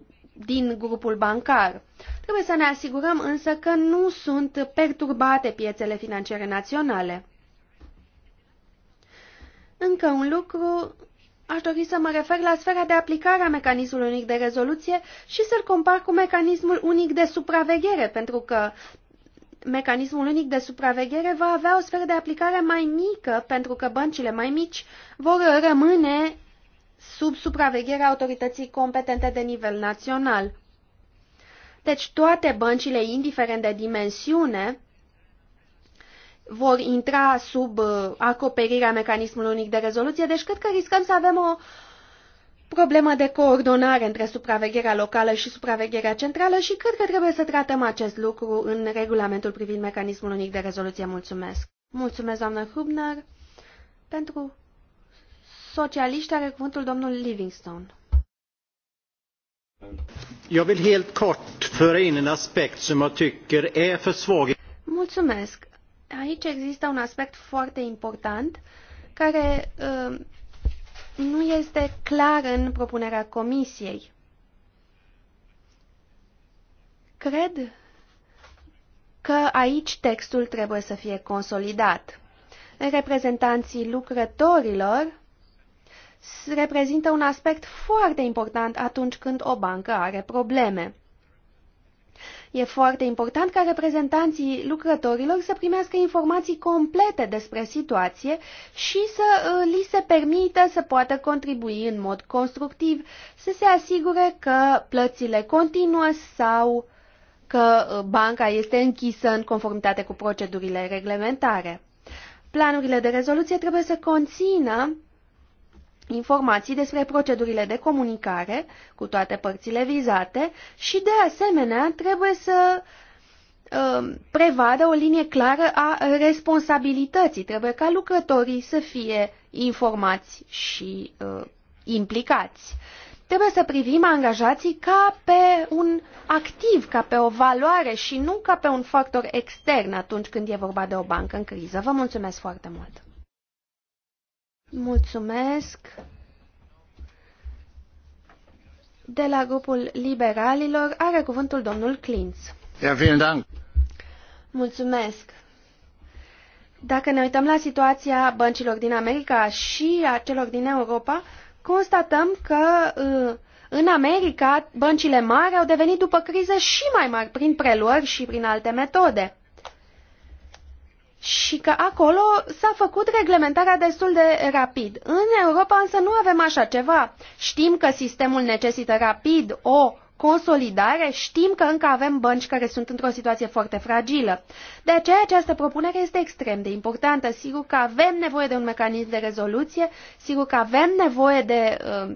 din grupul bancar. Trebuie să ne asigurăm însă că nu sunt perturbate piețele financiare naționale. Încă un lucru Aș dori să mă refer la sfera de aplicare a mecanismului unic de rezoluție și să-l compar cu mecanismul unic de supraveghere, pentru că mecanismul unic de supraveghere va avea o sferă de aplicare mai mică, pentru că băncile mai mici vor rămâne sub supravegherea autorității competente de nivel național. Deci toate băncile, indiferent de dimensiune, vor intra sub uh, acoperirea mecanismului unic de rezoluție, deci cred că riscăm să avem o problemă de coordonare între supravegherea locală și supravegherea centrală și cred că trebuie să tratăm acest lucru în regulamentul privind mecanismul unic de rezoluție. Mulțumesc! Mulțumesc, doamnă Hubner, pentru socialiști are cuvântul domnul Livingstone. Eu vreau helt kort föra in en aspekt som jag tycker är för svag. Mulțumesc. Aici există un aspect foarte important care uh, nu este clar în propunerea comisiei. Cred că aici textul trebuie să fie consolidat. Reprezentanții lucrătorilor reprezintă un aspect foarte important atunci când o bancă are probleme. E foarte important ca reprezentanții lucrătorilor să primească informații complete despre situație și să uh, li se permită să poată contribui în mod constructiv, să se asigure că plățile continuă sau că uh, banca este închisă în conformitate cu procedurile reglementare. Planurile de rezoluție trebuie să conțină informații despre procedurile de comunicare cu toate părțile vizate și, de asemenea, trebuie să um, prevadă o linie clară a responsabilității. Trebuie ca lucrătorii să fie informați și uh, implicați. Trebuie să privim angajații ca pe un activ, ca pe o valoare și nu ca pe un factor extern atunci când e vorba de o bancă în criză. Vă mulțumesc foarte mult! Mulțumesc. De la grupul liberalilor are cuvântul domnul Clinț. Ja, vielen Dank. Mulțumesc. Dacă ne uităm la situația băncilor din America și a celor din Europa, constatăm că uh, în America băncile mari au devenit după criză și mai mari prin preluări și prin alte metode și că acolo s-a făcut reglementarea destul de rapid. În Europa însă nu avem așa ceva. Știm că sistemul necesită rapid o consolidare, știm că încă avem bănci care sunt într-o situație foarte fragilă. De aceea această propunere este extrem de importantă. Sigur că avem nevoie de un mecanism de rezoluție, sigur că avem nevoie de uh,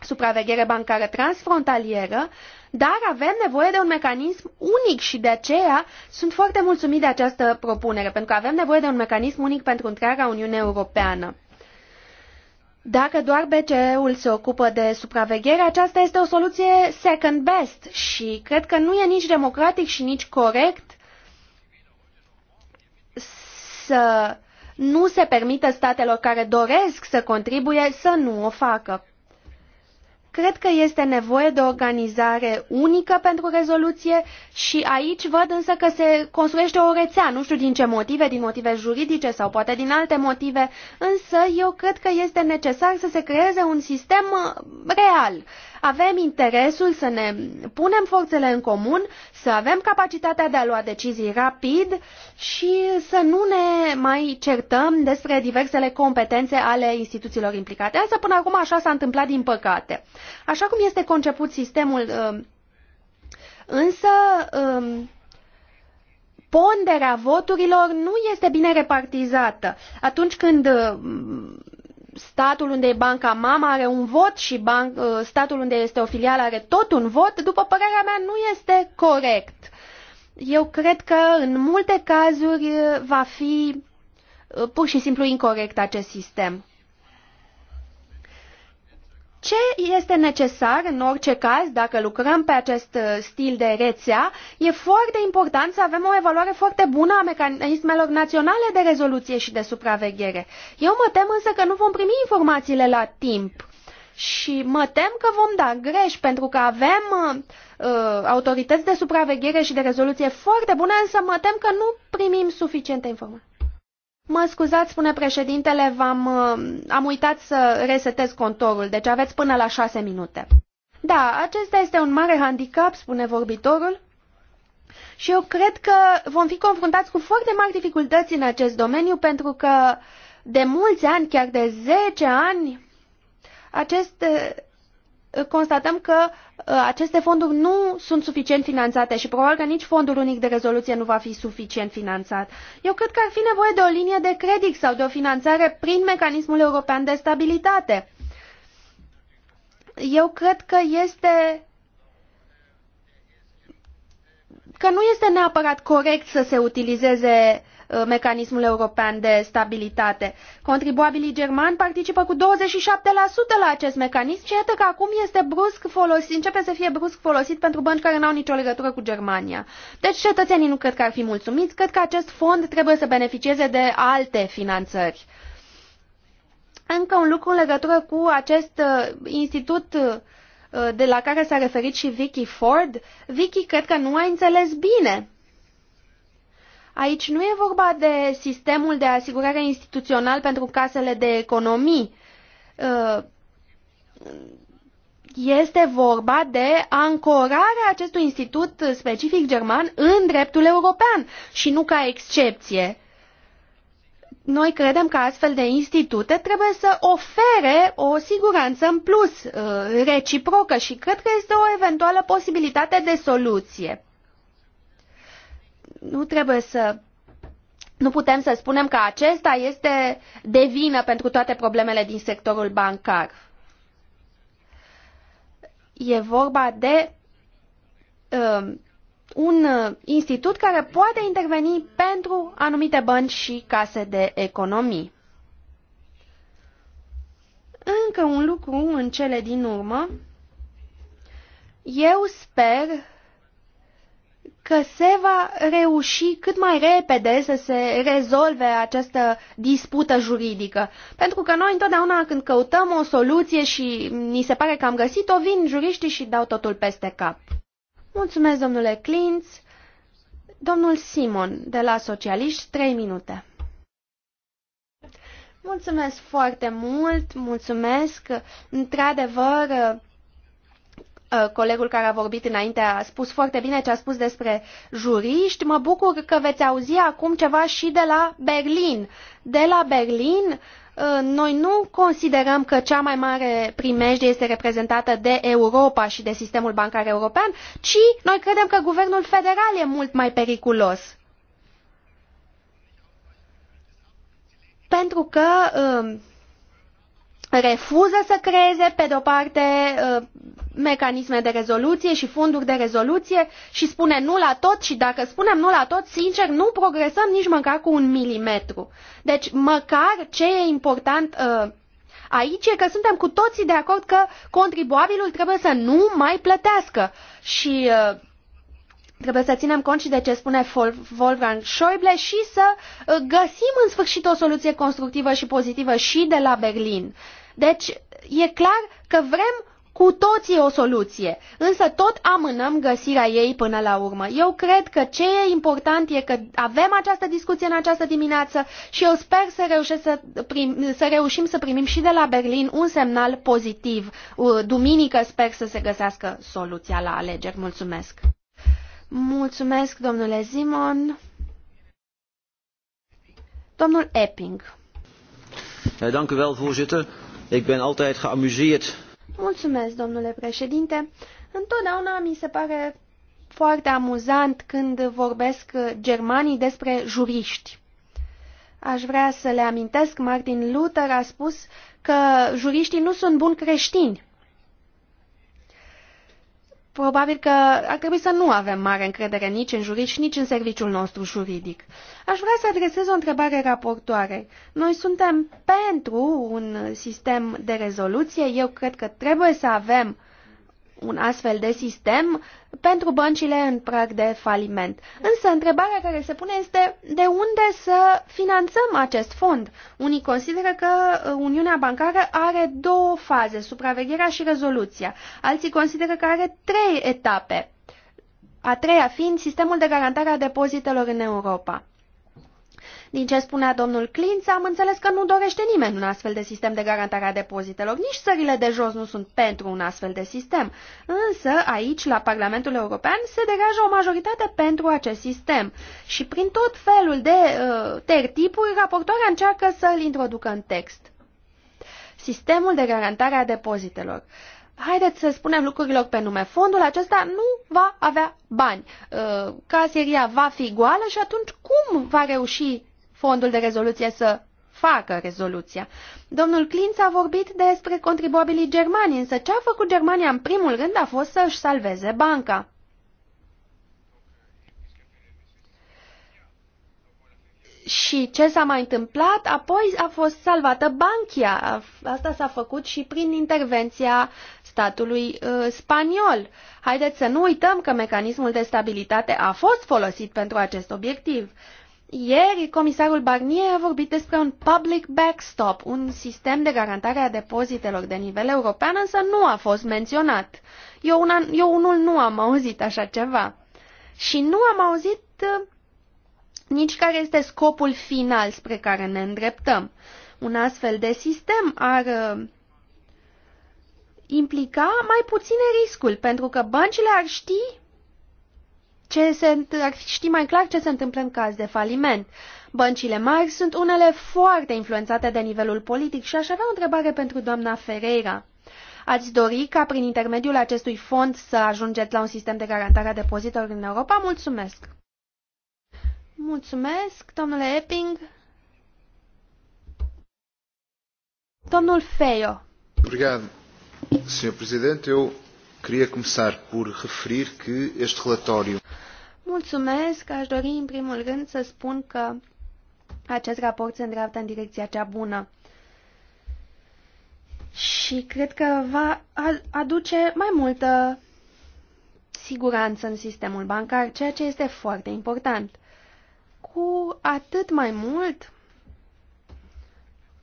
supraveghere bancară transfrontalieră, dar avem nevoie de un mecanism unic și de aceea sunt foarte mulțumit de această propunere, pentru că avem nevoie de un mecanism unic pentru întreaga Uniune Europeană. Dacă doar BCE-ul se ocupă de supraveghere, aceasta este o soluție second best și cred că nu e nici democratic și nici corect să nu se permită statelor care doresc să contribuie să nu o facă. Cred că este nevoie de o organizare unică pentru rezoluție și aici văd însă că se construiește o rețea, nu știu din ce motive, din motive juridice sau poate din alte motive, însă eu cred că este necesar să se creeze un sistem real avem interesul să ne punem forțele în comun, să avem capacitatea de a lua decizii rapid și să nu ne mai certăm despre diversele competențe ale instituțiilor implicate. Asta până acum așa s-a întâmplat din păcate. Așa cum este conceput sistemul uh, însă um, ponderea voturilor nu este bine repartizată. Atunci când um, statul unde e banca mama are un vot și banc, uh, statul unde este o filială are tot un vot, după părerea mea nu este corect. Eu cred că în multe cazuri va fi uh, pur și simplu incorrect acest sistem. Ce este necesar în orice caz, dacă lucrăm pe acest uh, stil de rețea, e foarte important să avem o evaluare foarte bună a mecanismelor naționale de rezoluție și de supraveghere. Eu mă tem însă că nu vom primi informațiile la timp și mă tem că vom da greș pentru că avem uh, uh autorități de supraveghere și de rezoluție foarte bune, însă mă tem că nu primim suficiente informații. Mă scuzați, spune președintele, am uh, am uitat să resetez contorul, deci aveți până la șase minute. Da, acesta este un mare handicap, spune vorbitorul, și eu cred că vom fi confruntați cu foarte mari dificultăți în acest domeniu, pentru că de mulți ani, chiar de 10 ani, aceste uh, constatăm că uh, aceste fonduri nu sunt suficient finanțate și probabil că nici fondul unic de rezoluție nu va fi suficient finanțat. Eu cred că ar fi nevoie de o linie de credit sau de o finanțare prin mecanismul european de stabilitate. Eu cred că este că nu este neapărat corect să se utilizeze uh, Uh, mecanismul european de stabilitate. Contribuabilii germani participă cu 27% la acest mecanism și iată că acum este brusc folosit, începe să fie brusc folosit pentru bănci care nu au nicio legătură cu Germania. Deci cetățenii nu cred că ar fi mulțumiți, cred că acest fond trebuie să beneficieze de alte finanțări. Încă un lucru în legătură cu acest uh, institut uh, de la care s-a referit și Vicky Ford. Vicky, cred că nu a înțeles bine. Aici nu e vorba de sistemul de asigurare instituțional pentru casele de economii. Uh, este vorba de ancorarea acestui institut specific german în dreptul european și nu ca excepție. Noi credem că astfel de institute trebuie să ofere o siguranță în plus, uh, reciprocă și cred că este o eventuală posibilitate de soluție nu trebuie să nu putem să spunem că acesta este de vină pentru toate problemele din sectorul bancar. E vorba de uh, un institut care poate interveni pentru anumite bănci și case de economii. Încă un lucru în cele din urmă. Eu sper că se va reuși cât mai repede să se rezolve această dispută juridică. Pentru că noi întotdeauna când căutăm o soluție și ni se pare că am găsit-o, vin juriștii și dau totul peste cap. Mulțumesc, domnule Clintz. Domnul Simon, de la Socialiști, 3 minute. Mulțumesc foarte mult, mulțumesc. Într-adevăr, Uh, colegul care a vorbit înainte a spus foarte bine ce a spus despre juriști. Mă bucur că veți auzi acum ceva și de la Berlin. De la Berlin, uh, noi nu considerăm că cea mai mare primejde este reprezentată de Europa și de sistemul bancar european, ci noi credem că guvernul federal e mult mai periculos. Pentru că uh, refuză să creeze, pe de-o parte, mecanisme de rezoluție și fonduri de rezoluție și spune nu la tot și dacă spunem nu la tot, sincer, nu progresăm nici măcar cu un milimetru. Deci, măcar ce e important uh, aici e că suntem cu toții de acord că contribuabilul trebuie să nu mai plătească și uh, trebuie să ținem cont și de ce spune Wolfgang Schäuble și să uh, găsim în sfârșit o soluție constructivă și pozitivă și de la Berlin. Deci, e clar că vrem cu toții o soluție, însă tot amânăm găsirea ei până la urmă. Eu cred că ce e important e că avem această discuție în această dimineață și eu sper să, să, prim, să reușim să primim și de la Berlin un semnal pozitiv. Duminică sper să se găsească soluția la alegeri. Mulțumesc! Mulțumesc, domnule Simon. Domnul Epping. Eh, dank u wel, voorzitter. Ik ben altijd geamuseerd Mulțumesc, domnule președinte. Întotdeauna mi se pare foarte amuzant când vorbesc germanii despre juriști. Aș vrea să le amintesc, Martin Luther a spus că juriștii nu sunt buni creștini probabil că ar trebui să nu avem mare încredere nici în juriști, nici în serviciul nostru juridic. Aș vrea să adresez o întrebare raportoare. Noi suntem pentru un sistem de rezoluție. Eu cred că trebuie să avem un astfel de sistem pentru băncile în prag de faliment. Însă întrebarea care se pune este de unde să finanțăm acest fond. Unii consideră că uh, Uniunea Bancară are două faze, supravegherea și rezoluția. Alții consideră că are trei etape, a treia fiind sistemul de garantare a depozitelor în Europa. Din ce spunea domnul Clint, am înțeles că nu dorește nimeni un astfel de sistem de garantare a depozitelor. Nici țările de jos nu sunt pentru un astfel de sistem. Însă, aici, la Parlamentul European, se degajă o majoritate pentru acest sistem. Și prin tot felul de uh, tertipuri, raportoarea încearcă să-l introducă în text. Sistemul de garantare a depozitelor haideți să spunem lucrurilor pe nume. Fondul acesta nu va avea bani. Uh, caseria va fi goală și atunci cum va reuși fondul de rezoluție să facă rezoluția. Domnul Clinț a vorbit despre contribuabilii germani, însă ce a făcut Germania în primul rând a fost să își salveze banca. Și ce s-a mai întâmplat? Apoi a fost salvată Banchia. Asta s-a făcut și prin intervenția statului uh, spaniol. Haideți să nu uităm că mecanismul de stabilitate a fost folosit pentru acest obiectiv. Uh, ieri, comisarul Barnier a vorbit despre un public backstop, un sistem de garantare a depozitelor de nivel european, însă nu a fost menționat. Eu, una, eu unul nu am auzit așa ceva. Și nu am auzit uh, nici care este scopul final spre care ne îndreptăm. Un astfel de sistem ar uh, implica mai puține riscuri, pentru că băncile ar ști ce se, ar ști mai clar ce se întâmplă în caz de faliment. Băncile mari sunt unele foarte influențate de nivelul politic și aș avea o întrebare pentru doamna Ferreira. Ați dori ca prin intermediul acestui fond să ajungeți la un sistem de garantare a depozitelor în Europa? Mulțumesc! Mulțumesc, domnule Epping. Domnul Feio. Obrigado, senhor presidente. Eu Queria começar por referir que este relatório. Mulțumesc, aș dori în primul rând să spun că acest raport se îndreaptă în direcția cea bună. Și cred că va aduce mai multă siguranță în sistemul bancar, ceea ce este foarte important. Cu atât mai mult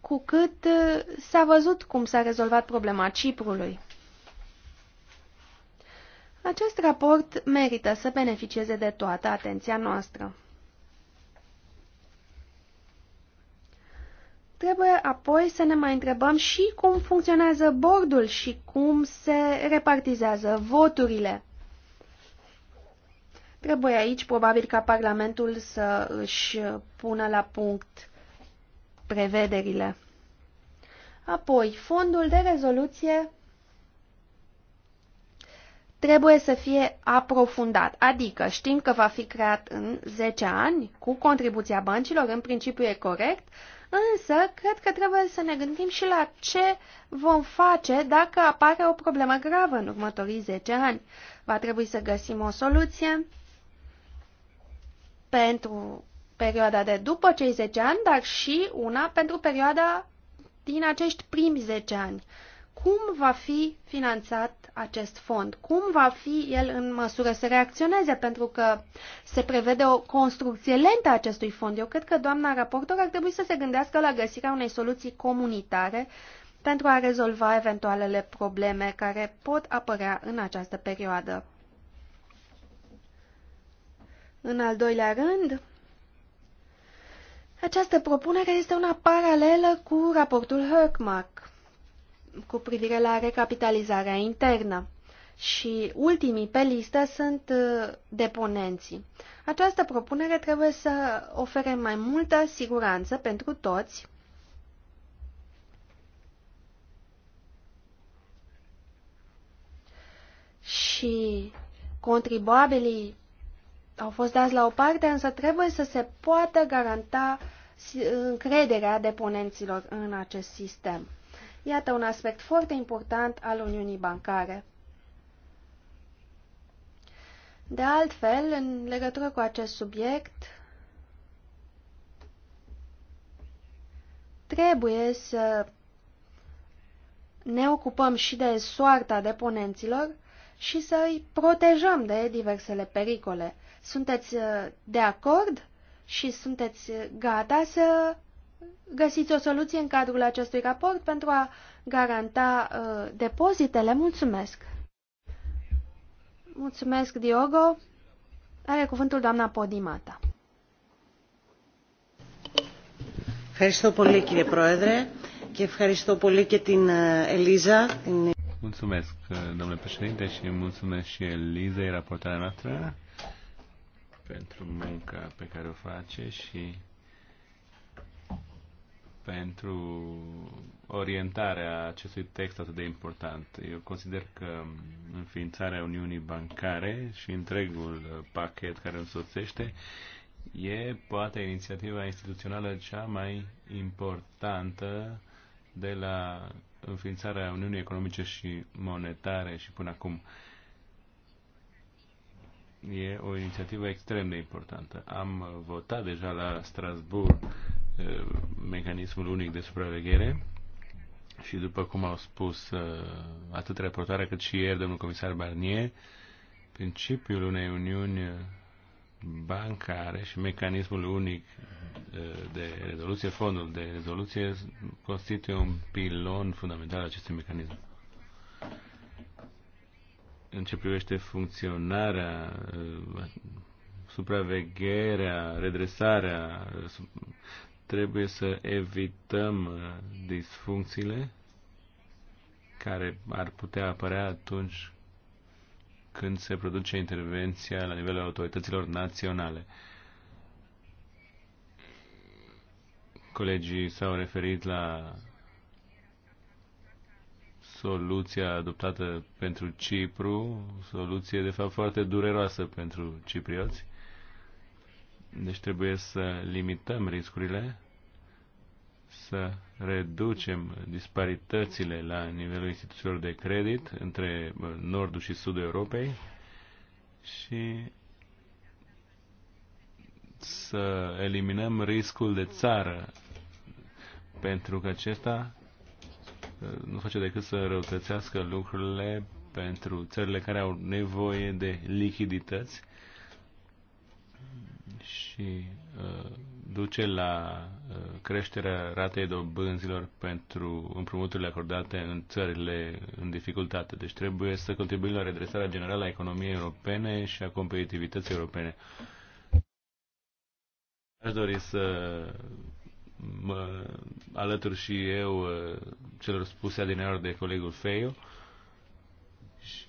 cu cât uh, s-a văzut cum s-a rezolvat problema Ciprului. Acest raport merită să beneficieze de toată atenția noastră. Trebuie apoi să ne mai întrebăm și cum funcționează bordul și cum se repartizează voturile. Trebuie aici probabil ca Parlamentul să își pună la punct prevederile. Apoi, fondul de rezoluție trebuie să fie aprofundat, adică știm că va fi creat în 10 ani cu contribuția băncilor, în principiu e corect, însă cred că trebuie să ne gândim și la ce vom face dacă apare o problemă gravă în următorii 10 ani. Va trebui să găsim o soluție pentru perioada de după cei 10 ani, dar și una pentru perioada din acești primi 10 ani cum va fi finanțat acest fond, cum va fi el în măsură să reacționeze, pentru că se prevede o construcție lentă a acestui fond. Eu cred că doamna raportor ar trebui să se gândească la găsirea unei soluții comunitare pentru a rezolva eventualele probleme care pot apărea în această perioadă. În al doilea rând, această propunere este una paralelă cu raportul Herkmark cu privire la recapitalizarea internă. Și ultimii pe listă sunt uh, deponenții. Această propunere trebuie să ofere mai multă siguranță pentru toți și contribuabilii au fost dați la o parte, însă trebuie să se poată garanta încrederea deponenților în acest sistem. Iată un aspect foarte important al Uniunii Bancare. De altfel, în legătură cu acest subiect, trebuie să ne ocupăm și de soarta deponenților și să îi protejăm de diversele pericole. Sunteți uh, de acord și sunteți gata să găsiți o soluție în cadrul acestui raport pentru a garanta uh, depozitele. Mulțumesc! Mulțumesc, Diogo. Are cuvântul doamna Podimata. Mulțumesc, domnule președinte, și mulțumesc și Elizei, raportarea noastră, pentru munca pe care o face și pentru orientarea acestui text atât de important. Eu consider că înființarea Uniunii Bancare și întregul pachet care însoțește e poate inițiativa instituțională cea mai importantă de la înființarea Uniunii Economice și Monetare și până acum. E o inițiativă extrem de importantă. Am votat deja la Strasbourg Uh, mecanismul unic de supraveghere și după cum au spus uh, atât reportarea cât și ieri domnul comisar Barnier, principiul unei uniuni bancare și mecanismul unic uh, de rezoluție, fondul de rezoluție, constituie un pilon fundamental al acestui mecanism. În ce privește funcționarea, supravegherea, redresarea trebuie să evităm uh, disfuncțiile care ar putea apărea atunci când se produce intervenția la nivelul autorităților naționale. Colegii s-au referit la soluția adoptată pentru Cipru, soluție de fapt foarte dureroasă pentru ciprioți. Deci trebuie să limităm riscurile, să reducem disparitățile la nivelul instituțiilor de credit între nordul și sudul Europei și să eliminăm riscul de țară, pentru că acesta nu face decât să răutățească lucrurile pentru țările care au nevoie de lichidități și uh, duce la uh, creșterea ratei dobânzilor pentru împrumuturile acordate în țările în dificultate. Deci trebuie să contribuim la redresarea generală a economiei europene și a competitivității europene. Aș dori să mă alătur și eu uh, celor spuse adineori de colegul Feio și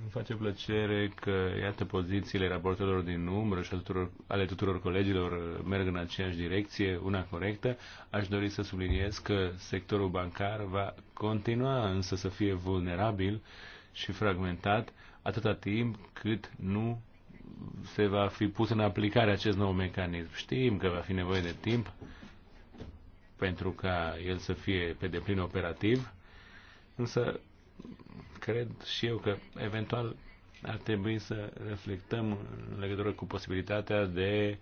îmi face plăcere că, iată, pozițiile raportelor din umbră și tuturor, ale tuturor colegilor uh, merg în aceeași direcție, una corectă. Aș dori să subliniez că sectorul bancar va continua însă să fie vulnerabil și fragmentat atâta timp cât nu se va fi pus în aplicare acest nou mecanism. Știm că va fi nevoie de timp pentru ca el să fie pe deplin operativ, însă cred și eu că eventual ar trebui să reflectăm în legătură cu posibilitatea de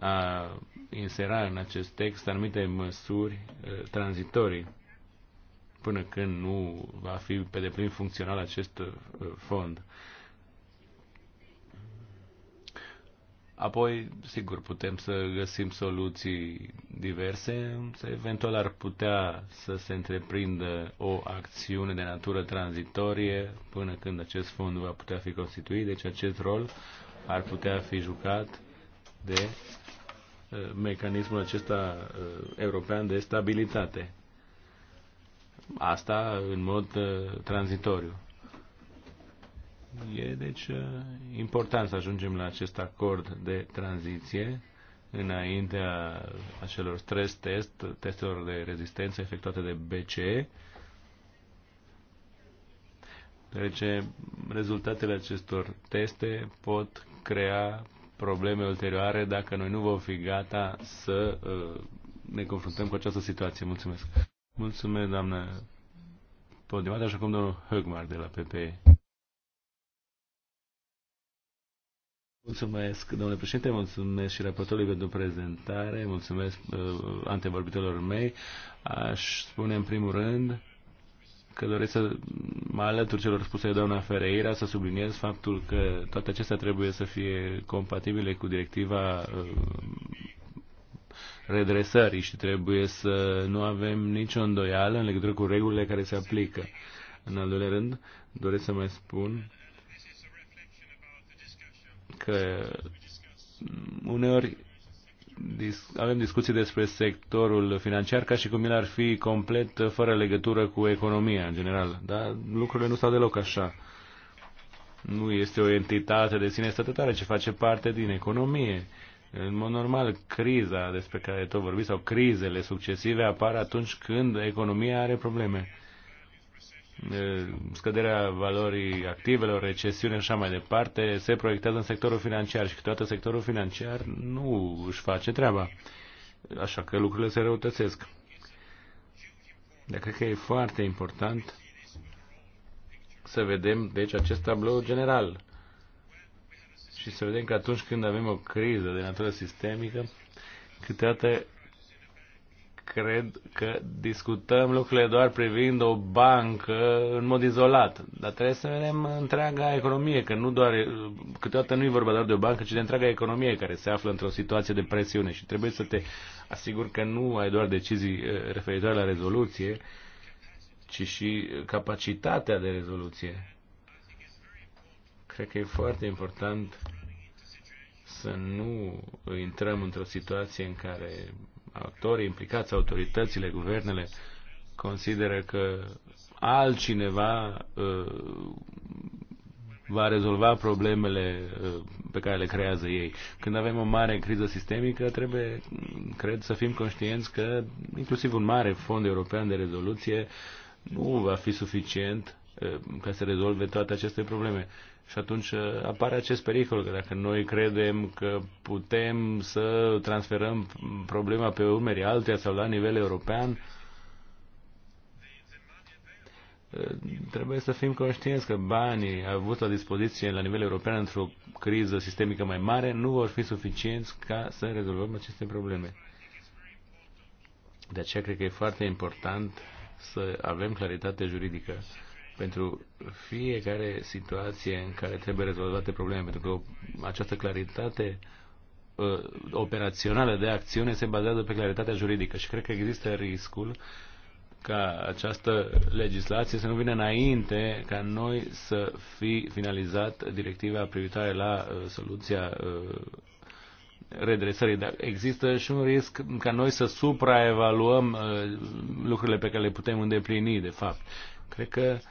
a insera în acest text anumite măsuri uh, tranzitorii până când nu va fi pe deplin funcțional acest uh, fond. Apoi, sigur, putem să găsim soluții diverse, însă eventual ar putea să se întreprindă o acțiune de natură tranzitorie până când acest fond va putea fi constituit, deci acest rol ar putea fi jucat de uh, mecanismul acesta uh, european de stabilitate. Asta în mod uh, tranzitoriu. E deci uh, important să ajungem la acest acord de tranziție înaintea acelor stres test, testelor de rezistență efectuate de BCE, Deci, rezultatele acestor teste pot crea probleme ulterioare dacă noi nu vom fi gata să uh, ne confruntăm cu această situație. Mulțumesc! Mulțumesc, doamnă Podimata, așa cum domnul Högmar de la PPE. Mulțumesc, domnule președinte, mulțumesc și raportorului pentru prezentare, mulțumesc uh, antevorbitorilor mei. Aș spune în primul rând că doresc să mă alătur celor spuse de doamna Ferreira, să subliniez faptul că toate acestea trebuie să fie compatibile cu directiva uh, redresării și trebuie să nu avem nicio îndoială în legătură cu regulile care se aplică. În al doilea rând, doresc să mai spun că uneori avem discuții despre sectorul financiar ca și cum el ar fi complet fără legătură cu economia în general, dar lucrurile nu stau deloc așa. Nu este o entitate de sine stătătoare ce face parte din economie. În mod normal, criza despre care tot vorbiți sau crizele succesive apar atunci când economia are probleme scăderea valorii activelor, recesiune și așa mai departe, se proiectează în sectorul financiar și câteodată sectorul financiar nu își face treaba. Așa că lucrurile se răutățesc. Dar cred că e foarte important să vedem, deci, acest tablou general. Și să vedem că atunci când avem o criză de natură sistemică, câteodată cred că discutăm lucrurile doar privind o bancă în mod izolat. Dar trebuie să vedem întreaga economie, că nu doar, câteodată nu e vorba doar de o bancă, ci de întreaga economie care se află într-o situație de presiune și trebuie să te asiguri că nu ai doar decizii eh, referitoare la rezoluție, ci și capacitatea de rezoluție. Cred că e foarte important să nu intrăm într-o situație în care actorii implicați, autoritățile, guvernele, consideră că altcineva uh, va rezolva problemele uh, pe care le creează ei. Când avem o mare criză sistemică, trebuie, cred, să fim conștienți că inclusiv un mare fond european de rezoluție nu va fi suficient uh, ca să rezolve toate aceste probleme. Și atunci uh, apare acest pericol că dacă noi credem că putem să transferăm problema pe umerii altuia sau la nivel european, uh, trebuie să fim conștienți că banii avut la dispoziție la nivel european într-o criză sistemică mai mare nu vor fi suficienți ca să rezolvăm aceste probleme. De aceea cred că e foarte important să avem claritate juridică pentru fiecare situație în care trebuie rezolvate probleme, pentru că această claritate uh, operațională de acțiune se bazează pe claritatea juridică și cred că există riscul ca această legislație să nu vină înainte ca noi să fi finalizat directiva privitoare la uh, soluția uh, redresării. Dar există și un risc ca noi să supraevaluăm uh, lucrurile pe care le putem îndeplini, de fapt. Cred că uh,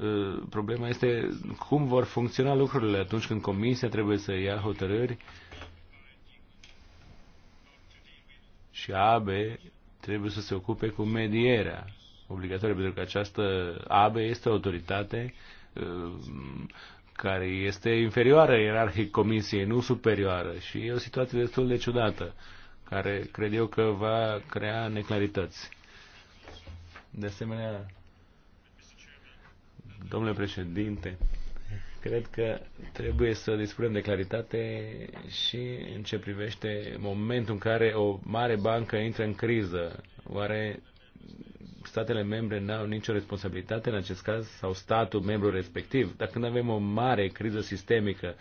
Uh, problema este cum vor funcționa lucrurile atunci când comisia trebuie să ia hotărâri și AB trebuie să se ocupe cu medierea obligatorie, pentru că această AB este o autoritate uh, care este inferioară ierarhic comisiei, nu superioară. Și e o situație destul de ciudată, care cred eu că va crea neclarități. De asemenea, Domnule președinte, cred că trebuie să dispunem de claritate și în ce privește momentul în care o mare bancă intră în criză. Oare statele membre n-au nicio responsabilitate în acest caz sau statul membru respectiv? Dar când avem o mare criză sistemică,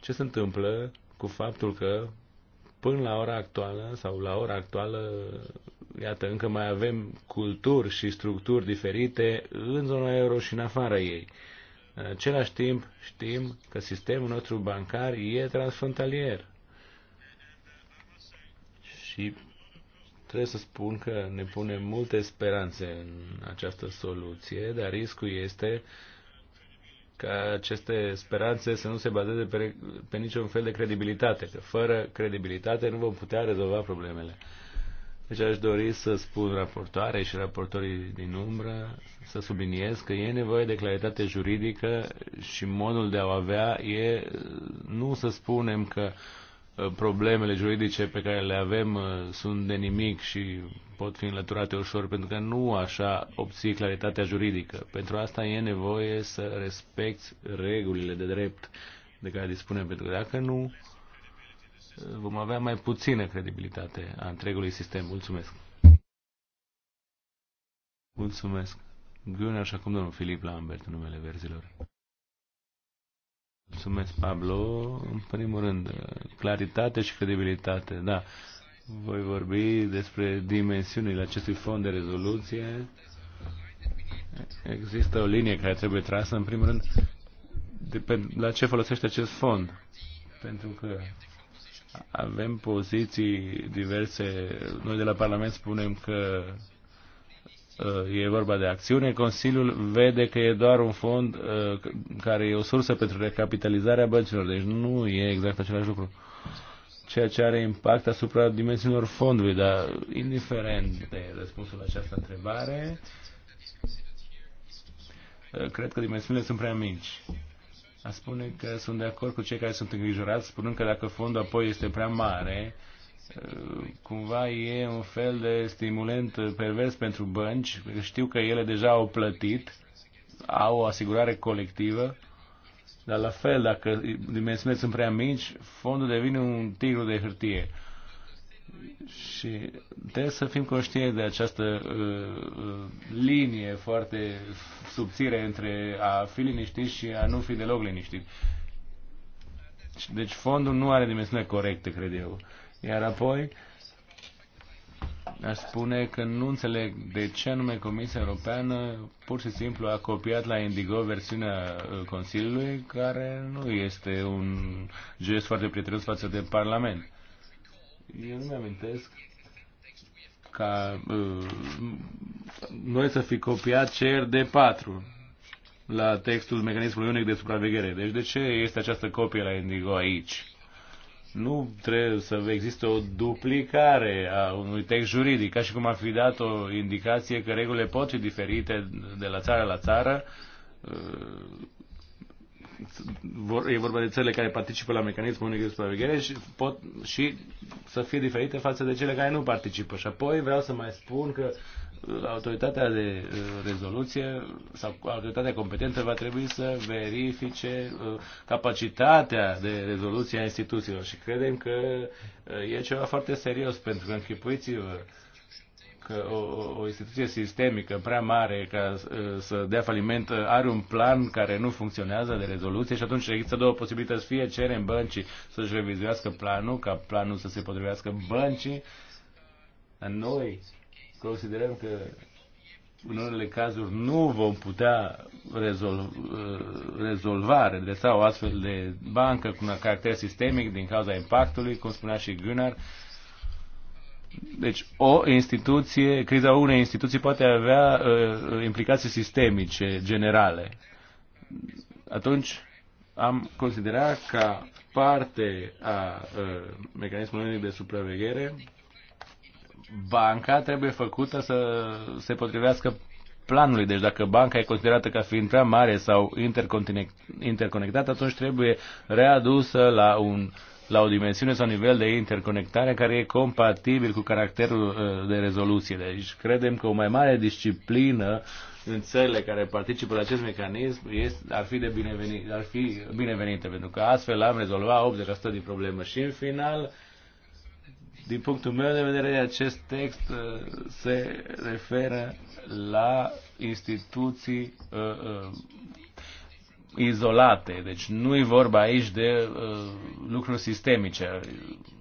ce se întâmplă cu faptul că Până la ora actuală sau la ora actuală, iată, încă mai avem culturi și structuri diferite în zona euro și în afara ei. În același timp, știm că sistemul nostru bancar e transfrontalier. Și trebuie să spun că ne punem multe speranțe în această soluție, dar riscul este uh, ca aceste speranțe să nu se bazeze pe, pe niciun fel de credibilitate, că fără credibilitate nu vom putea rezolva problemele. Deci aș dori să spun raportoare și raportorii din umbră, să subliniez că e nevoie de claritate juridică și modul de a o avea e, nu să spunem că uh, Uh, problemele juridice pe care le avem uh, sunt de nimic și pot fi înlăturate ușor, pentru că nu așa obții claritatea juridică. Pentru asta e nevoie să respecti regulile de drept de care dispunem, pentru că dacă nu, uh, vom avea mai puțină credibilitate a întregului sistem. Mulțumesc! Mulțumesc! Gunnar și acum domnul Filip Lambert, numele verzilor. Mulțumesc, Pablo. În primul rând, claritate și credibilitate, da. Voi vorbi despre dimensiunile acestui fond de rezoluție. Există o linie care trebuie trasă, în primul rând, de pe, la ce folosește acest fond. Pentru că avem poziții diverse. Noi de la Parlament spunem că Uh, e vorba de acțiune. Consiliul vede că e doar un fond uh, care e o sursă pentru recapitalizarea băncilor, deci nu e exact același lucru. Ceea ce are impact asupra dimensiunilor fondului, dar indiferent de răspunsul la această întrebare, uh, cred că dimensiunile sunt prea mici. A spune că sunt de acord cu cei care sunt îngrijorați, spunând că dacă fondul apoi este prea mare, uh, cumva e un fel de stimulent pervers pentru bănci. Știu că ele deja au plătit, au o asigurare colectivă, dar la fel, dacă dimensiunile sunt prea mici, fondul devine un tigru de hârtie. Și trebuie să fim conștienți de această uh, uh linie foarte subțire între a fi liniștit și a nu fi deloc liniștit. Deci fondul nu are dimensiune corectă, cred eu. Uh, iar apoi aș spune că nu înțeleg de ce anume Comisia Europeană pur și simplu a copiat la Indigo versiunea uh, Consiliului, care nu este un gest foarte prietenos față de Parlament. Eu nu mi-amintesc ca uh, noi să fi copiat CRD4 la textul mecanismului unic de supraveghere. Deci de ce este această copie la Indigo aici? nu trebuie să existe o duplicare a unui text juridic, ca și cum ar fi dat o indicație că regulile pot fi diferite de la țară la țară. Uh, e vorba de țările care participă la mecanismul unic de supraveghere și pot și să fie diferite față de cele care nu participă. Și apoi vreau să mai spun că autoritatea de uh, rezoluție sau autoritatea competentă va trebui să verifice uh, capacitatea de rezoluție a instituțiilor și credem că uh, e ceva foarte serios pentru că închipuiți-vă că o, o instituție sistemică prea mare ca să dea faliment are un plan care nu funcționează de rezoluție și atunci există două posibilități. Fie cerem băncii să-și revizuiască planul, ca planul să se potrivească băncii, noi considerăm că în unele cazuri nu vom putea rezolv, uh, rezolva, redresa o astfel de bancă cu un caracter sistemic din cauza impactului, cum spunea și Gunnar. Deci o instituție, criza unei instituții poate avea uh, implicații sistemice, generale. Atunci am considerat ca parte a uh, mecanismului de supraveghere banca trebuie făcută să se potrivească planului. Deci dacă banca e considerată ca fiind prea mare sau interconectată, atunci trebuie readusă la un la o dimensiune sau nivel de interconectare care e compatibil cu caracterul uh, de rezoluție. Deci credem că o mai mare disciplină în țările care participă la acest mecanism este, ar, fi de binevenit, ar fi binevenită, pentru că astfel am rezolvat 80% din problemă. Și în final, din punctul meu de vedere, acest text uh, se referă la instituții uh, uh, izolate, deci nu e vorba aici de uh, lucruri sistemice.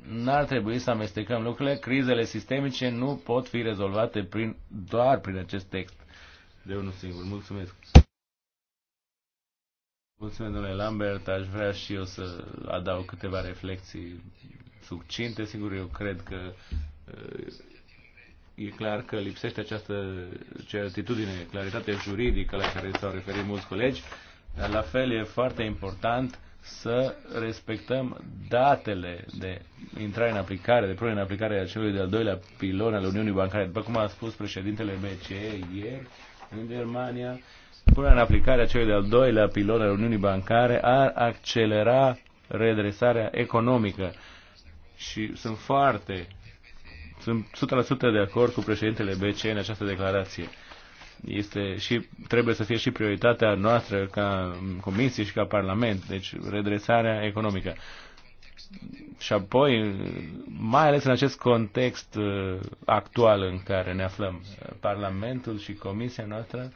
N-ar trebui să amestecăm lucrurile, crizele sistemice nu pot fi rezolvate prin, doar prin acest text de unul singur. Mulțumesc! Mulțumesc, domnule Lambert, aș vrea și eu să adaug câteva reflexii succinte. Sigur, eu cred că uh, e clar că lipsește această certitudine, claritate juridică la care s-au referit mulți colegi, dar la fel e foarte important să respectăm datele de intrare în aplicare, de prune în aplicare a celui de-al doilea pilon al Uniunii Bancare. După cum a spus președintele BCE ieri în Germania, punerea în aplicare a celui de-al doilea pilon al Uniunii Bancare ar accelera redresarea economică și sunt foarte, sunt 100% de acord cu președintele BCE în această declarație. Este și trebuie să fie și prioritatea noastră ca comisie și ca parlament, deci redresarea economică. Și apoi, mai ales în acest context uh, actual în care ne aflăm, uh, Parlamentul și Comisia noastră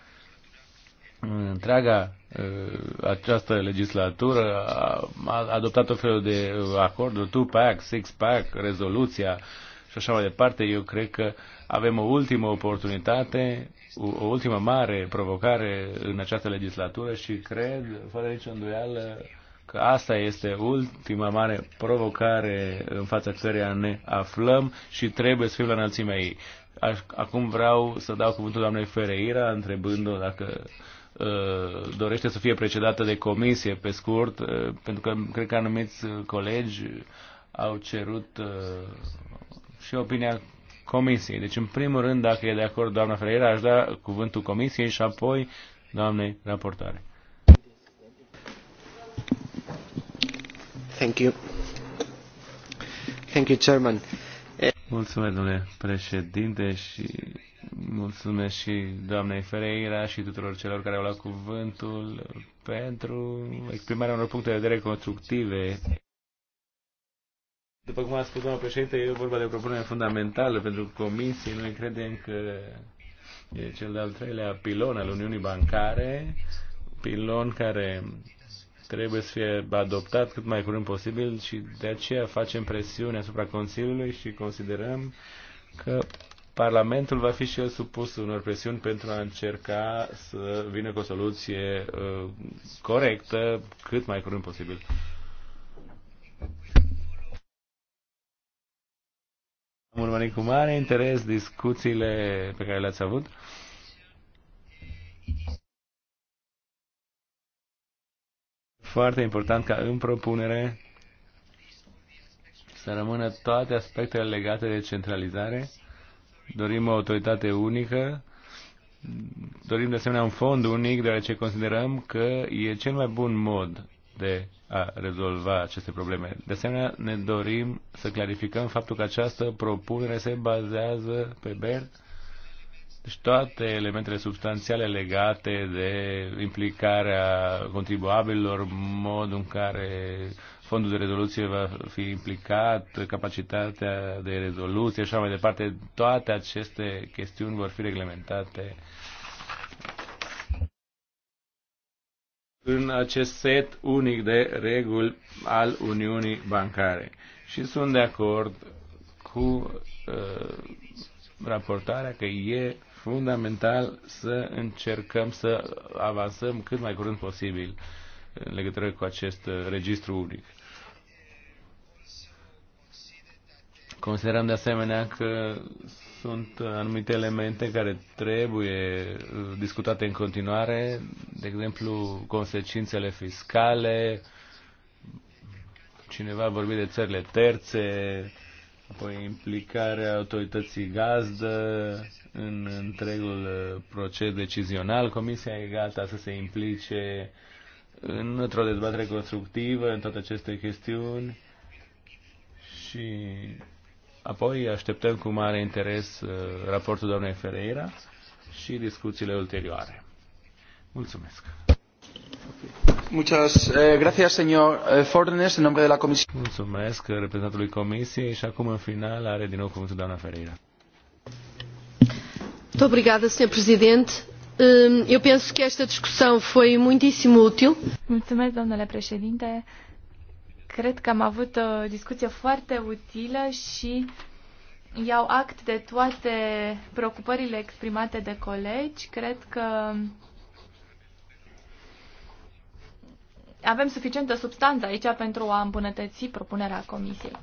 întreaga uh, această legislatură a adoptat o felul de acorduri, two-pack, six-pack, rezoluția și așa mai departe. Eu cred că avem o ultimă oportunitate, o ultimă mare provocare în această legislatură și cred, fără nicio îndoială, că asta este ultima mare provocare în fața căreia ne aflăm și trebuie să fim la înălțimea ei. Acum vreau să dau cuvântul doamnei Fereira întrebându o dacă Uh, dorește să fie precedată de comisie, pe scurt, uh, pentru că cred că anumiți uh, colegi au cerut și opinia comisiei. Deci, în primul rând, dacă e de acord doamna Ferreira, aș da cuvântul comisiei și apoi doamnei raportare. Thank you. Thank you, Chairman. Mulțumesc, domnule președinte, și mulțumesc și doamnei Ferreira și tuturor celor care au luat cuvântul pentru exprimarea unor puncte de vedere constructive. După cum a spus doamna președinte, e vorba de o propunere fundamentală pentru comisie. Noi credem că e cel de-al treilea pilon al Uniunii Bancare, pilon care trebuie să fie adoptat cât mai curând posibil și de aceea facem presiune asupra Consiliului și considerăm că Parlamentul va fi și el supus unor presiuni pentru a încerca să vină cu o soluție uh, corectă cât mai curând posibil. Am urmărit cu mare interes discuțiile pe care le-ați avut. Foarte important ca în propunere să rămână toate aspectele legate de centralizare dorim o autoritate unică, dorim de asemenea un fond unic, deoarece considerăm că e cel mai bun mod de a rezolva aceste probleme. De asemenea, ne dorim să clarificăm faptul că această propunere se bazează pe BERT, deci toate elementele substanțiale legate de implicarea contribuabililor, modul în care fondul de rezoluție va fi implicat, capacitatea de rezoluție și așa mai departe. Toate aceste chestiuni vor fi reglementate în acest set unic de reguli al Uniunii Bancare. Și sunt de acord cu uh, raportarea că e fundamental să încercăm să avansăm cât mai curând posibil în legătură cu acest uh, registru unic. Considerăm de asemenea că sunt anumite elemente care trebuie discutate în continuare, de exemplu consecințele fiscale, cineva a vorbit de țările terțe, apoi implicarea autorității gazdă în întregul proces decizional. Comisia e gata să se implice într-o dezbatere constructivă în toate aceste chestiuni și Apoi așteptăm cu mare interes uh, raportul doamnei Ferreira și discuțiile ulterioare. Mulțumesc! Muchas eh, gracias, señor eh, Fornes, en nombre de la Comisie. Mulțumesc reprezentantului Comisiei și acum în final are din nou cuvântul doamna Ferreira. Muito obrigada, senhor presidente. Eu penso que esta discussão foi muitíssimo útil. Mulțumesc, domnule Presidente. Cred că am avut o discuție foarte utilă și iau act de toate preocupările exprimate de colegi. Cred că avem suficientă substanță aici pentru a îmbunătăți propunerea Comisiei.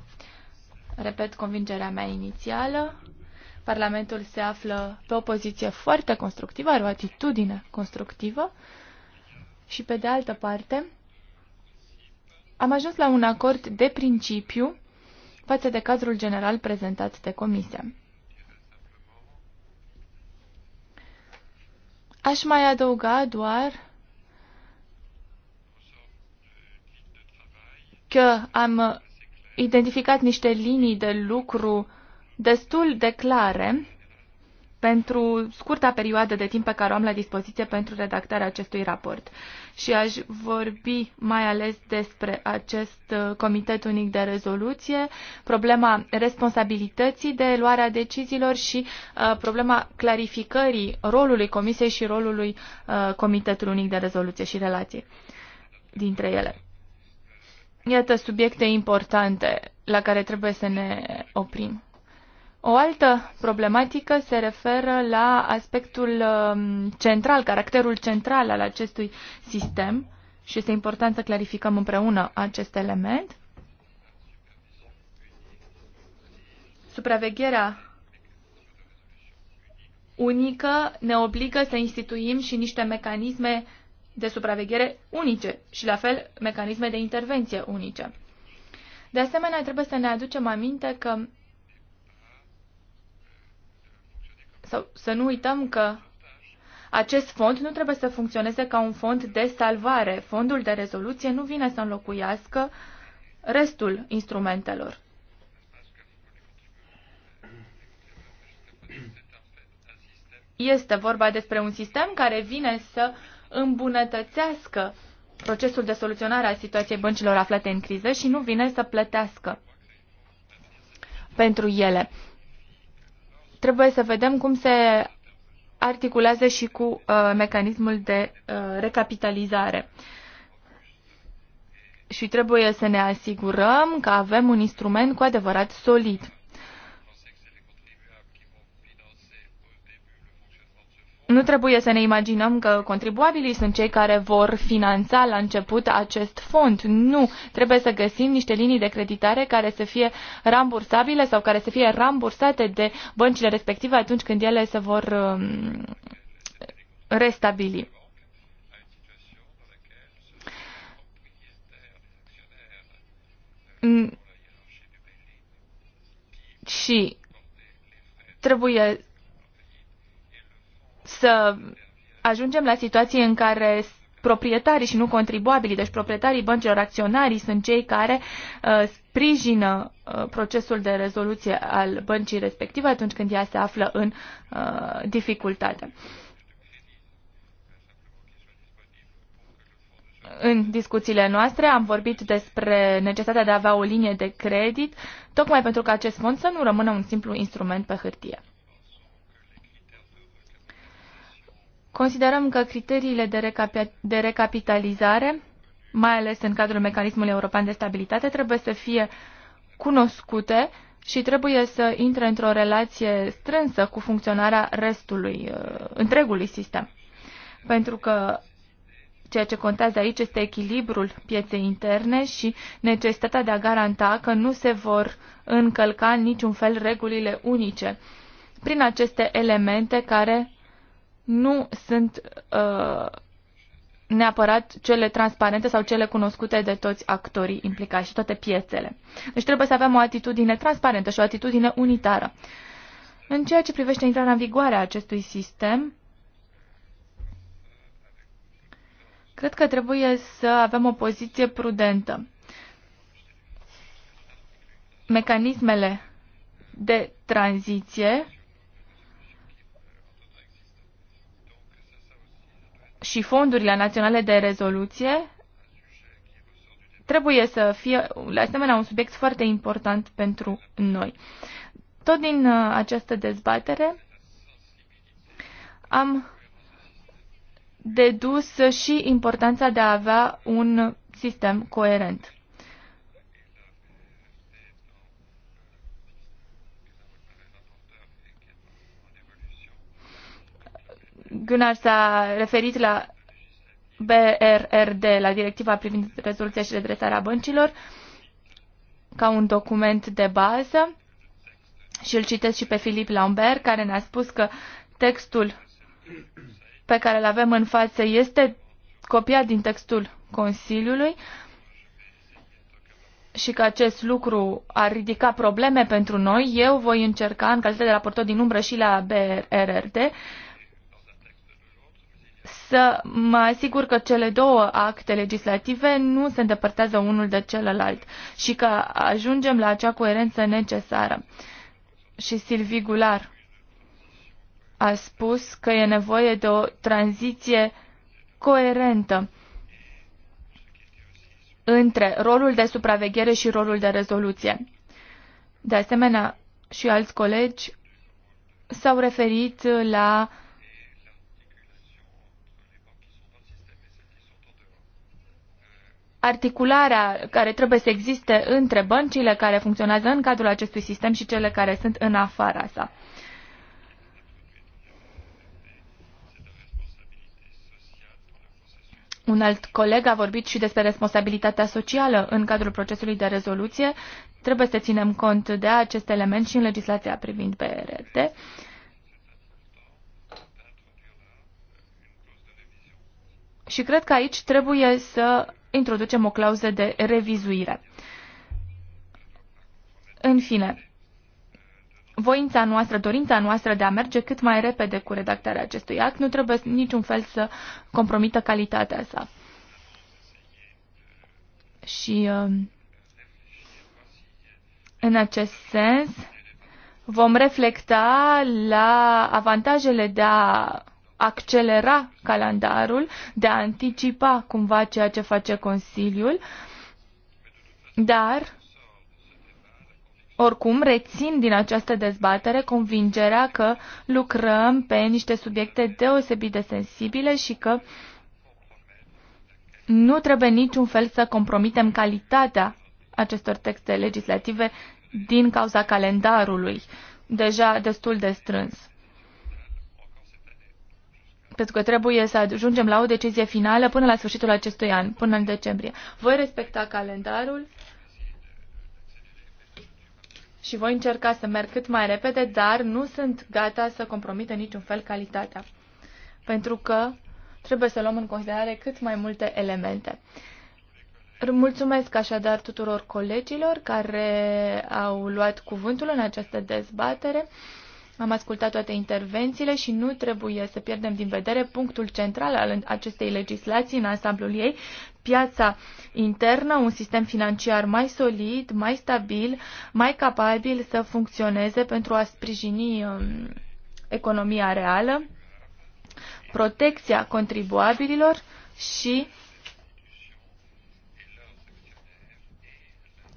Repet convingerea mea inițială. Parlamentul se află pe o poziție foarte constructivă, are o atitudine constructivă și, pe de altă parte, am ajuns la un acord de principiu față de cadrul general prezentat de Comisia. Aș mai adăuga doar că am identificat niște linii de lucru destul de clare pentru scurta perioadă de timp pe care o am la dispoziție pentru redactarea acestui raport. Și aș vorbi mai ales despre acest uh, Comitet Unic de Rezoluție, problema responsabilității de luarea deciziilor și uh, problema clarificării rolului Comisiei și rolului uh, Comitetului Unic de Rezoluție și relații dintre ele. Iată subiecte importante la care trebuie să ne oprim. O altă problematică se referă la aspectul um, central, caracterul central al acestui sistem și este important să clarificăm împreună acest element. Supravegherea unică ne obligă să instituim și niște mecanisme de supraveghere unice și, la fel, mecanisme de intervenție unice. De asemenea, trebuie să ne aducem aminte că Sau să nu uităm că acest fond nu trebuie să funcționeze ca un fond de salvare. Fondul de rezoluție nu vine să înlocuiască restul instrumentelor. Este vorba despre un sistem care vine să îmbunătățească procesul de soluționare a situației băncilor aflate în criză și nu vine să plătească pentru ele trebuie să vedem cum se articulează și cu uh, mecanismul de uh, recapitalizare. Și trebuie să ne asigurăm că avem un instrument cu adevărat solid. Nu trebuie să ne imaginăm că contribuabilii sunt cei care vor finanța la început acest fond. Nu. Trebuie să găsim niște linii de creditare care să fie rambursabile sau care să fie rambursate de băncile respective atunci când ele se vor um, restabili. Și trebuie să ajungem la situații în care proprietarii și nu contribuabilii, deci proprietarii băncilor, acționarii sunt cei care uh, sprijină uh, procesul de rezoluție al băncii respective atunci când ea se află în uh, dificultate. În discuțiile noastre am vorbit despre necesitatea de a avea o linie de credit, tocmai pentru că acest fond să nu rămână un simplu instrument pe hârtie. Considerăm că criteriile de, recapi- de recapitalizare, mai ales în cadrul mecanismului european de stabilitate, trebuie să fie cunoscute și trebuie să intre într-o relație strânsă cu funcționarea restului, uh, întregului sistem. Pentru că ceea ce contează aici este echilibrul pieței interne și necesitatea de a garanta că nu se vor încălca în niciun fel regulile unice prin aceste elemente care nu sunt uh, neapărat cele transparente sau cele cunoscute de toți actorii implicați și toate piețele. Deci trebuie să avem o atitudine transparentă și o atitudine unitară. În ceea ce privește intrarea în vigoare a acestui sistem, cred că trebuie să avem o poziție prudentă. Mecanismele de tranziție și fondurile naționale de rezoluție trebuie să fie, la asemenea, un subiect foarte important pentru noi. Tot din uh, această dezbatere am dedus și importanța de a avea un sistem coerent. Gunnar s-a referit la BRRD, la directiva privind rezoluția și redresarea băncilor, ca un document de bază și îl citesc și pe Filip Lambert, care ne-a spus că textul pe care îl avem în față este copiat din textul Consiliului și că acest lucru ar ridica probleme pentru noi. Eu voi încerca, în calitate de raportor din umbră și la BRRD, să mă asigur că cele două acte legislative nu se îndepărtează unul de celălalt și că ajungem la acea coerență necesară. Și Silvii Gular a spus că e nevoie de o tranziție coerentă între rolul de supraveghere și rolul de rezoluție. De asemenea, și alți colegi s-au referit la articularea care trebuie să existe între băncile care funcționează în cadrul acestui sistem și cele care sunt în afara sa. Un alt coleg a vorbit și despre responsabilitatea socială în cadrul procesului de rezoluție. Trebuie să ținem cont de acest element și în legislația privind BRT. Și cred că aici trebuie să introducem o clauză de revizuire. În fine, voința noastră, dorința noastră de a merge cât mai repede cu redactarea acestui act nu trebuie niciun fel să compromită calitatea sa. Și uh, în acest sens vom reflecta la avantajele de a accelera calendarul, de a anticipa cumva ceea ce face Consiliul, dar oricum rețin din această dezbatere convingerea că lucrăm pe niște subiecte deosebit de sensibile și că nu trebuie niciun fel să compromitem calitatea acestor texte legislative din cauza calendarului, deja destul de strâns pentru că trebuie să ajungem la o decizie finală până la sfârșitul acestui an, până în decembrie. Voi respecta calendarul și voi încerca să merg cât mai repede, dar nu sunt gata să compromit în niciun fel calitatea, pentru că trebuie să luăm în considerare cât mai multe elemente. Mulțumesc așadar tuturor colegilor care au luat cuvântul în această dezbatere. Am ascultat toate intervențiile și nu trebuie să pierdem din vedere punctul central al acestei legislații în ansamblul ei, piața internă, un sistem financiar mai solid, mai stabil, mai capabil să funcționeze pentru a sprijini um, economia reală, protecția contribuabililor și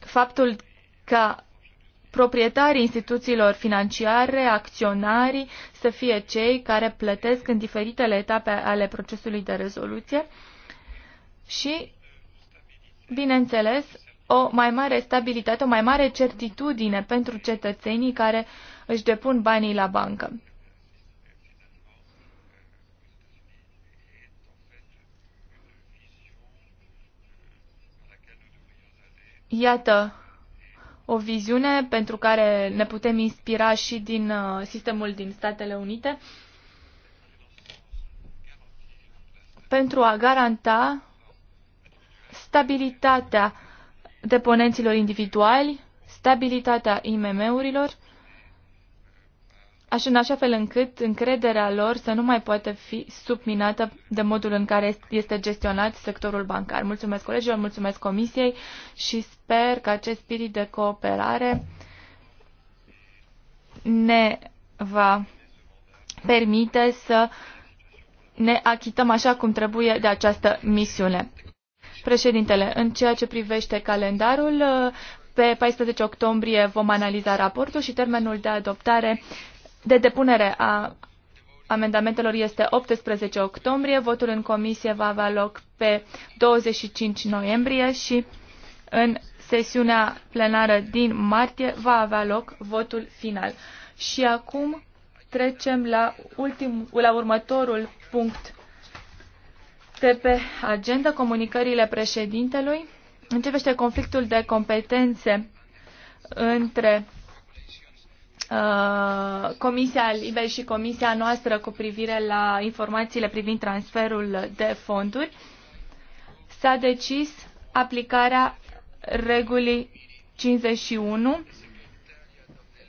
faptul că proprietarii instituțiilor financiare, acționarii, să fie cei care plătesc în diferitele etape ale procesului de rezoluție și, bineînțeles, o mai mare stabilitate, o mai mare certitudine pentru cetățenii care își depun banii la bancă. Iată o viziune pentru care ne putem inspira și din uh, sistemul din Statele Unite pentru a garanta stabilitatea deponenților individuali, stabilitatea IMM-urilor așa în așa fel încât încrederea lor să nu mai poată fi subminată de modul în care este gestionat sectorul bancar. Mulțumesc colegilor, mulțumesc comisiei și sper că acest spirit de cooperare ne va permite să ne achităm așa cum trebuie de această misiune. Președintele, în ceea ce privește calendarul, pe 14 octombrie vom analiza raportul și termenul de adoptare de depunere a amendamentelor este 18 octombrie, votul în comisie va avea loc pe 25 noiembrie și în sesiunea plenară din martie va avea loc votul final. Și acum trecem la, ultim, la următorul punct de pe agenda, comunicările președintelui. Începește conflictul de competențe între Uh, Comisia Libe și Comisia noastră cu privire la informațiile privind transferul de fonduri, s-a decis aplicarea regulii 51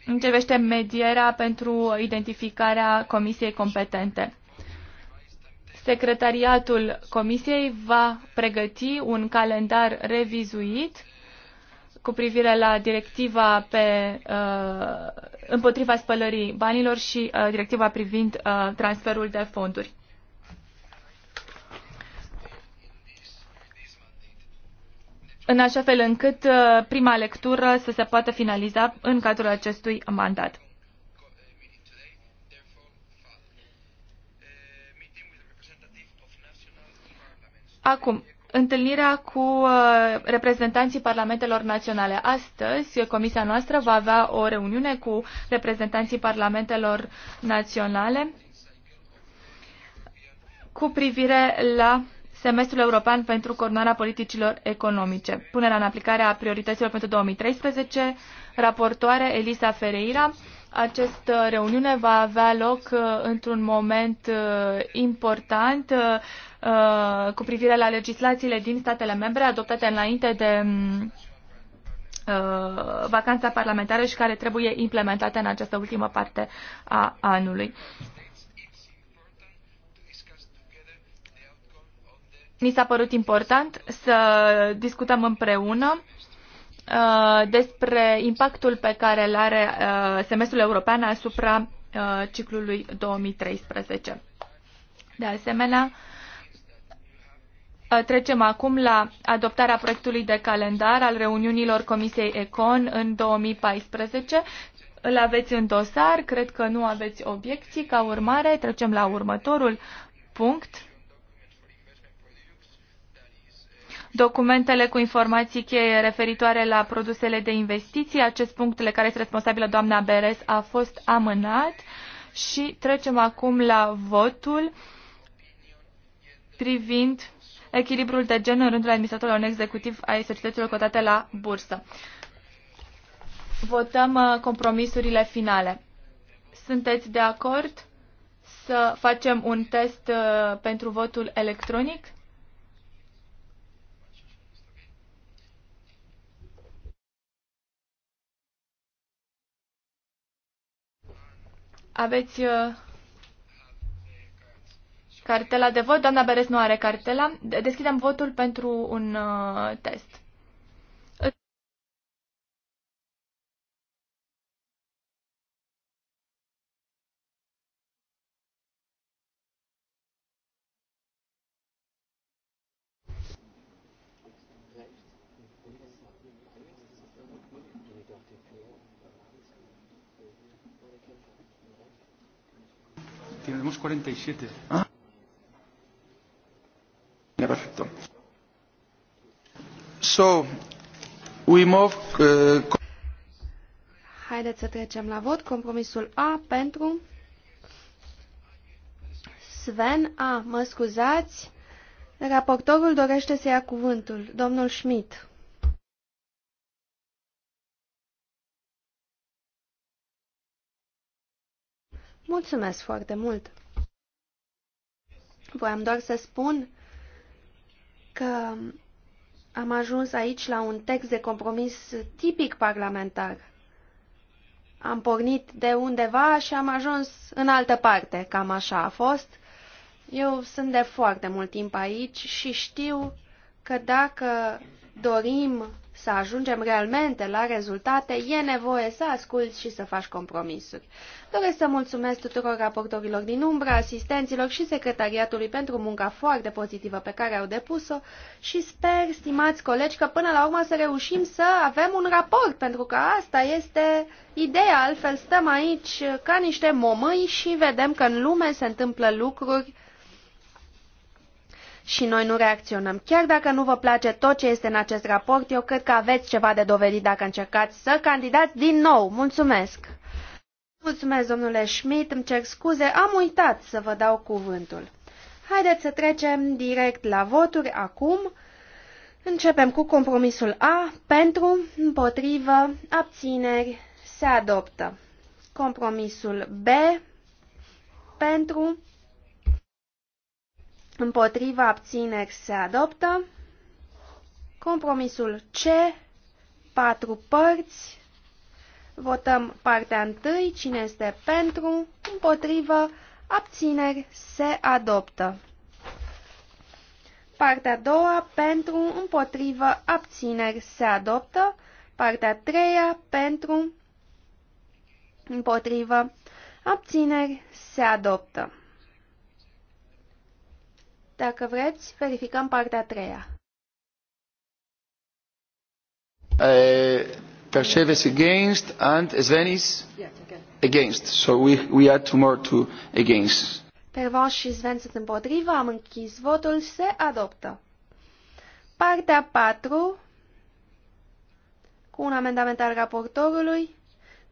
în ce privește medierea pentru identificarea comisiei competente. Secretariatul comisiei va pregăti un calendar revizuit cu privire la directiva pe, uh, împotriva spălării banilor și uh, directiva privind uh, transferul de fonduri. În așa fel încât uh, prima lectură să se poată finaliza în cadrul acestui mandat. Acum, întâlnirea cu uh, reprezentanții parlamentelor naționale. Astăzi, comisia noastră va avea o reuniune cu reprezentanții parlamentelor naționale cu privire la semestrul european pentru coordonarea politicilor economice, punerea în aplicare a priorităților pentru 2013, raportoare Elisa Ferreira. Această reuniune va avea loc uh, într-un moment uh, important Uh, cu privire la legislațiile din statele membre adoptate înainte de mm, uh, vacanța parlamentară și care trebuie implementate în această ultimă parte a anului. Mi s-a părut important să discutăm împreună uh, despre impactul pe care îl are uh, semestrul european asupra ciclului 2013. De asemenea, Uh, trecem acum la adoptarea proiectului de calendar al reuniunilor Comisiei Econ în 2014. Îl aveți în dosar, cred că nu aveți obiecții. Ca urmare, trecem la următorul punct. documentele cu informații cheie referitoare la produsele de investiții. Acest punct le care este responsabilă doamna Beres a fost amânat și trecem acum la votul privind echilibrul de gen în rândul administratorilor executiv ai societăților cotate la bursă. Votăm uh, compromisurile finale. Sunteți de acord să facem un test uh, pentru votul electronic? Aveți uh, cartela de vot. Doamna Beres nu are cartela. Deschidem votul pentru un uh, test. Tenemos 47. Ah. So, we move, uh... Haideți să trecem la vot. Compromisul A pentru Sven A. Mă scuzați. Raportorul dorește să ia cuvântul. Domnul Schmidt. Mulțumesc foarte mult. Voiam doar să spun că am ajuns aici la un text de compromis tipic parlamentar. Am pornit de undeva și am ajuns în altă parte, cam așa a fost. Eu sunt de foarte mult timp aici și știu că dacă dorim să ajungem realmente la rezultate, e nevoie să asculți și să faci compromisuri. Doresc să mulțumesc tuturor raportorilor din umbră, asistenților și secretariatului pentru munca foarte pozitivă pe care au depus-o și sper, stimați colegi, că până la urmă să reușim să avem un raport, pentru că asta este ideea, altfel stăm aici ca niște momâi și vedem că în lume se întâmplă lucruri și noi nu reacționăm. Chiar dacă nu vă place tot ce este în acest raport, eu cred că aveți ceva de dovedit dacă încercați să candidați din nou. Mulțumesc! Mulțumesc, domnule Schmidt, îmi cer scuze, am uitat să vă dau cuvântul. Haideți să trecem direct la voturi acum. Începem cu compromisul A, pentru, împotrivă, abțineri, se adoptă. Compromisul B, pentru, împotriva abține se adoptă. Compromisul C, patru părți. Votăm partea întâi, cine este pentru, împotrivă, abțineri, se adoptă. Partea a doua, pentru, împotrivă, abțineri, se adoptă. Partea a treia, pentru, împotrivă, abțineri, se adoptă. Dacă vreți, verificăm partea a treia. Uh, Perseves against and Svenis against. So we, we add two more to against. Pervanș și Sven sunt împotriva, am închis votul, se adoptă. Partea 4, cu un amendament al raportorului.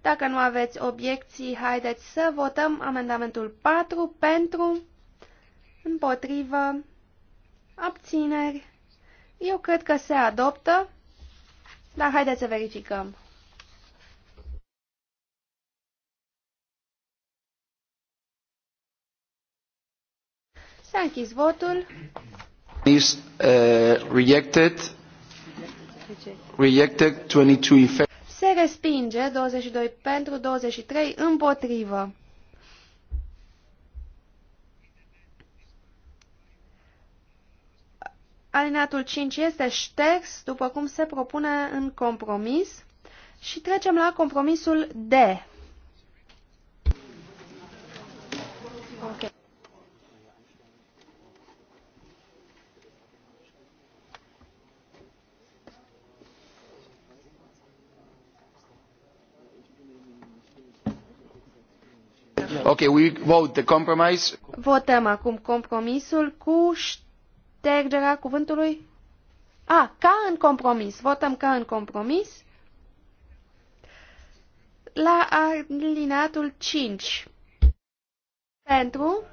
Dacă nu aveți obiecții, haideți să votăm amendamentul 4 pentru împotrivă, abțineri. Eu cred că se adoptă, dar haideți să verificăm. S-a închis votul. Is uh, rejected. Rejected 22 in Se respinge 22 pentru 23 împotrivă. Alineatul 5 este șters, după cum se propune în compromis. Și trecem la compromisul D. Okay. Okay, we vote the compromise. Votăm acum compromisul cu șters ștergerea cuvântului? A, ca în compromis. Votăm ca în compromis. La alineatul 5. Pentru.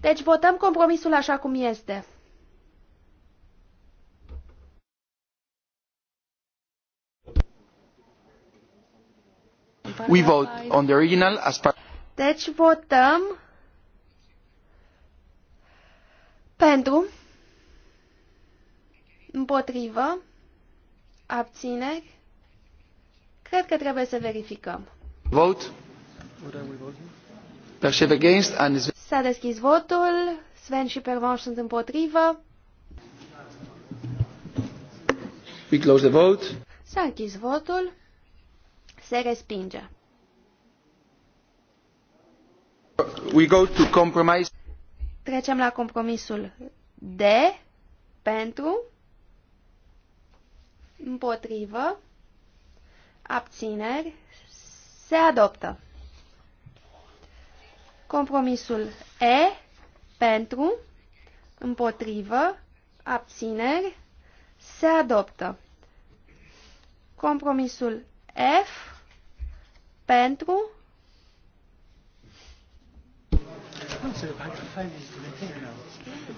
Deci votăm compromisul așa cum este. We vote on the original as part... Deci votăm Pentru, împotrivă, abțineri, cred că trebuie să verificăm. Vote. against and S-a deschis votul. Sven și Pervanș sunt împotrivă. We close the vote. S-a închis votul. Se respinge. We go to compromise. Trecem la compromisul D pentru, împotrivă, abțineri, se adoptă. Compromisul E pentru, împotrivă, abțineri, se adoptă. Compromisul F pentru,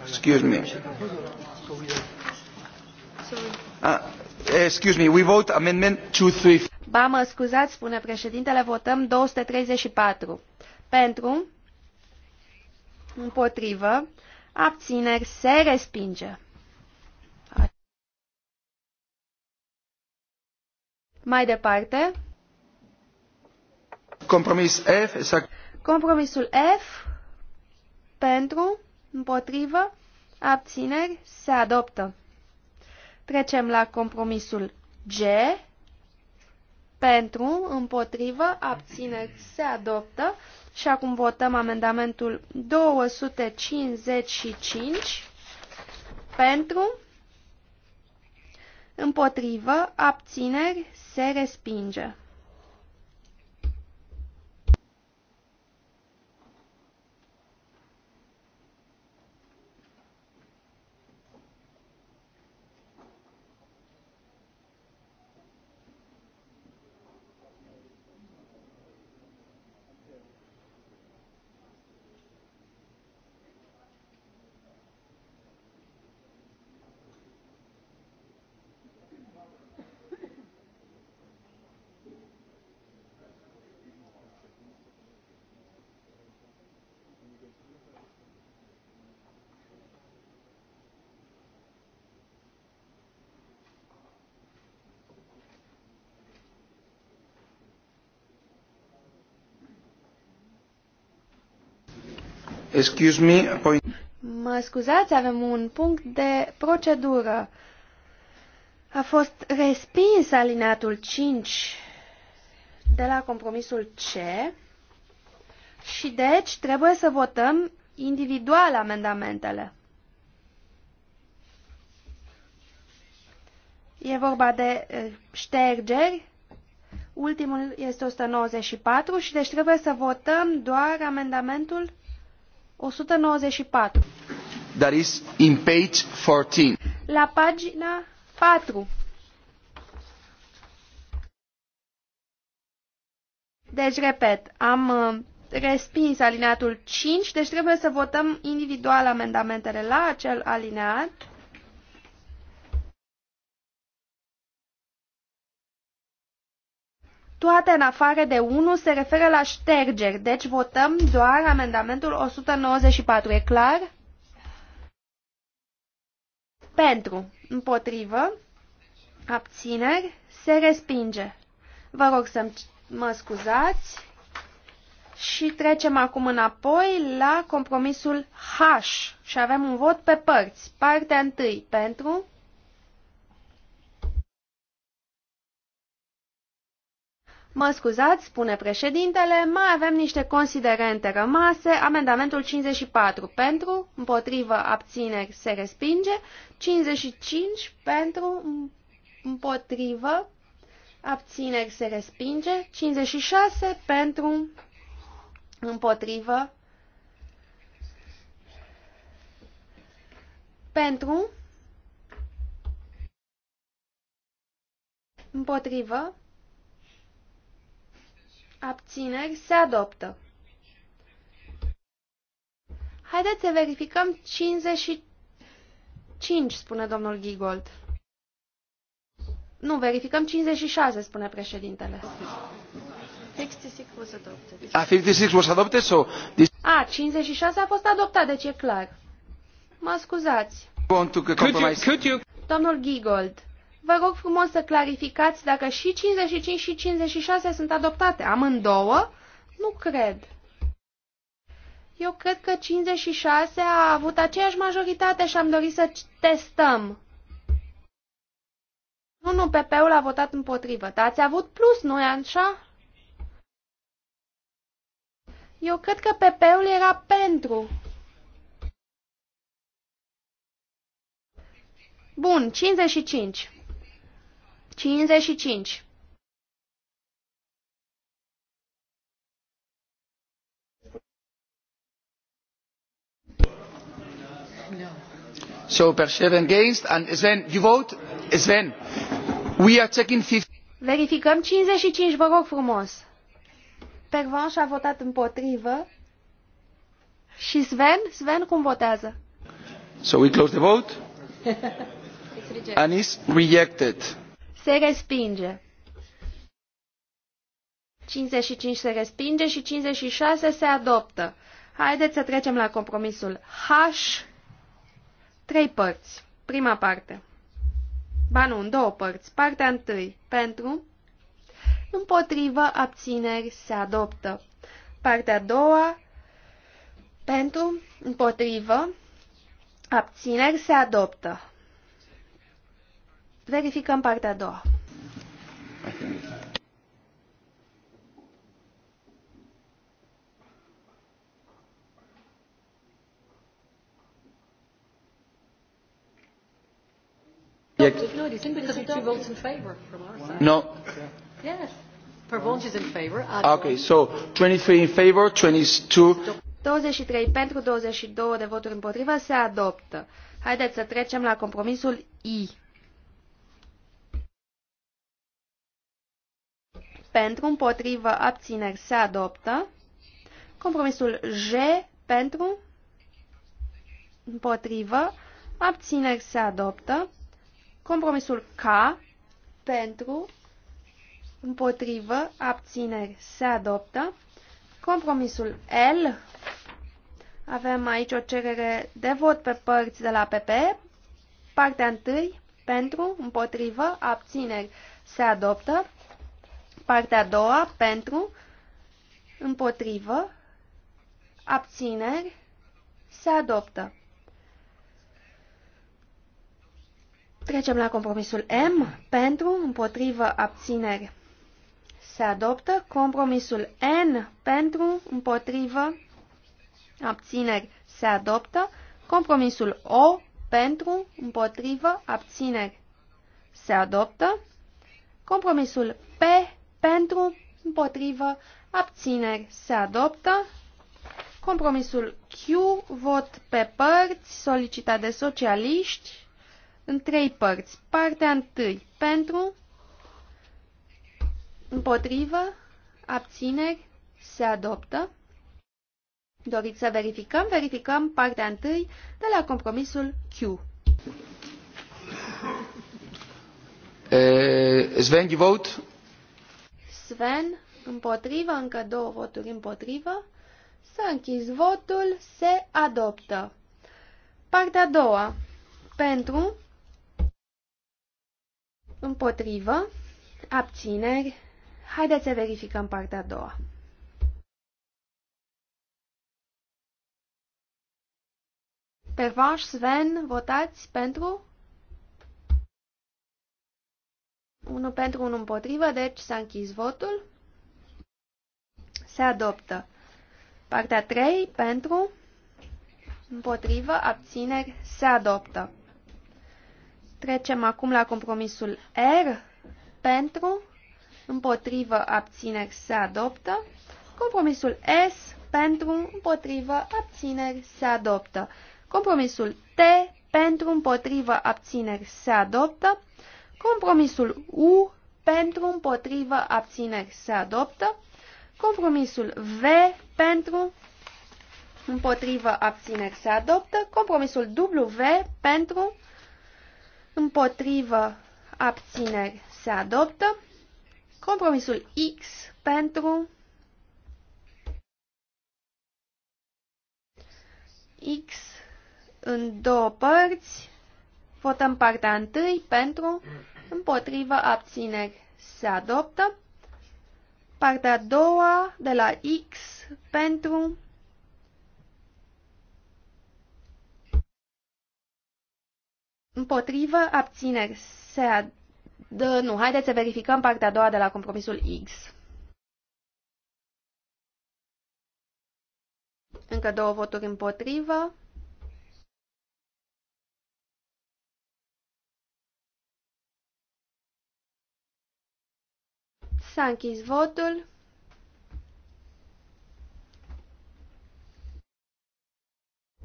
Excuse me. Uh, excuse me, we vote amendment 235. Ba, mă scuzați, spune președintele, votăm 234. Pentru, împotrivă, abțineri, se respinge. Mai departe. Compromis F. Exact. Compromisul F pentru, împotrivă, abțineri, se adoptă. Trecem la compromisul G. Pentru, împotrivă, abțineri, se adoptă. Și acum votăm amendamentul 255. Pentru, împotrivă, abțineri, se respinge. Excuse me, point... Mă scuzați, avem un punct de procedură. A fost respins alineatul 5 de la compromisul C și deci trebuie să votăm individual amendamentele. E vorba de eh, ștergeri. Ultimul este 194 și deci trebuie să votăm doar amendamentul 194. That is in page 14. La pagina 4. Deci, repet, am uh, respins alineatul 5, deci trebuie să votăm individual amendamentele la acel alineat. Toate în afară de 1 se referă la ștergeri, deci votăm doar amendamentul 194, e clar? Pentru, împotrivă, abțineri, se respinge. Vă rog să mă scuzați. Și trecem acum înapoi la compromisul H și avem un vot pe părți. Partea întâi. pentru, Mă scuzați, spune președintele, mai avem niște considerente rămase, amendamentul 54 pentru, împotrivă, abțineri, se respinge, 55 pentru, împotrivă, abțineri, se respinge, 56 pentru, împotrivă, pentru, împotrivă, Abțineri se adoptă. Haideți să verificăm 55, spune domnul Gigold. Nu, verificăm 56, spune președintele. 56 was adopted. A, ah, 56 was adopted, so... This... A, 56 a fost adoptat, deci e clar. Mă scuzați. Could you, could you... Domnul Gigold, Vă rog frumos să clarificați dacă și 55 și 56 sunt adoptate. Amândouă? Nu cred. Eu cred că 56 a avut aceeași majoritate și am dorit să testăm. Nu, nu, PP-ul a votat împotrivă, dar ați avut plus, nu-i așa? Eu cred că PP-ul era pentru. Bun, 55. 55. So per Pershev against and Sven, you vote? Sven, we are checking 50. Verificăm 55, vă rog frumos. Pervanș a votat împotrivă. Și Sven? Sven cum votează? So we close the vote. and is rejected se respinge. 55 se respinge și 56 se adoptă. Haideți să trecem la compromisul H. Trei părți. Prima parte. Ba nu, în două părți. Partea întâi. Pentru. Împotrivă, abțineri, se adoptă. Partea a doua. Pentru, împotrivă, abțineri, se adoptă. Verificăm partea a doua. No, Yes. Pervonge is in favor. Ah, okay, so 23 in favor, 22. 23 pentru, 22 de voturi împotrivă se adoptă. Haideți să trecem la compromisul I. pentru, împotrivă, abțineri se adoptă. Compromisul J pentru, împotrivă, abțineri se adoptă. Compromisul K pentru, împotrivă, abțineri se adoptă. Compromisul L avem aici o cerere de vot pe părți de la PP. Partea întâi, pentru, împotrivă, abțineri se adoptă. Partea a doua, pentru, împotrivă, abțineri, se adoptă. Trecem la compromisul M, pentru, împotrivă, abțineri, se adoptă. Compromisul N, pentru, împotrivă, abțineri, se adoptă. Compromisul O, pentru, împotrivă, abțineri, se adoptă. Compromisul P pentru, împotrivă, abțineri se adoptă. Compromisul Q, vot pe părți, solicitat de socialiști, în trei părți. Partea întâi, pentru, împotrivă, abțineri se adoptă. Doriți să verificăm? Verificăm partea întâi de la compromisul Q. Eh, Sven, vot. vote? Sven, împotrivă, încă două voturi împotrivă. să închizi votul, se adoptă. Partea a doua. Pentru, împotrivă, abțineri. Haideți să verificăm partea a doua. Pervanș Sven, votați pentru? 1 pentru, 1 împotrivă, deci s-a închis votul. Se adoptă. Partea 3 pentru, împotrivă, abțineri, se adoptă. Trecem acum la compromisul R. Pentru, împotrivă, abțineri, se adoptă. Compromisul S. Pentru, împotrivă, abțineri, se adoptă. Compromisul T. Pentru, împotrivă, abțineri, se adoptă. Compromisul U pentru, împotrivă, abțineri se adoptă. Compromisul V pentru, împotrivă, abțineri se adoptă. Compromisul W pentru, împotrivă, abțineri se adoptă. Compromisul X pentru, X în două părți. Votăm partea întâi pentru, împotrivă, abțineri se adoptă. Partea a doua de la X pentru împotrivă, abțineri se adă. nu, haideți să verificăm partea a doua de la compromisul X. Încă două voturi împotrivă. S-a închis votul.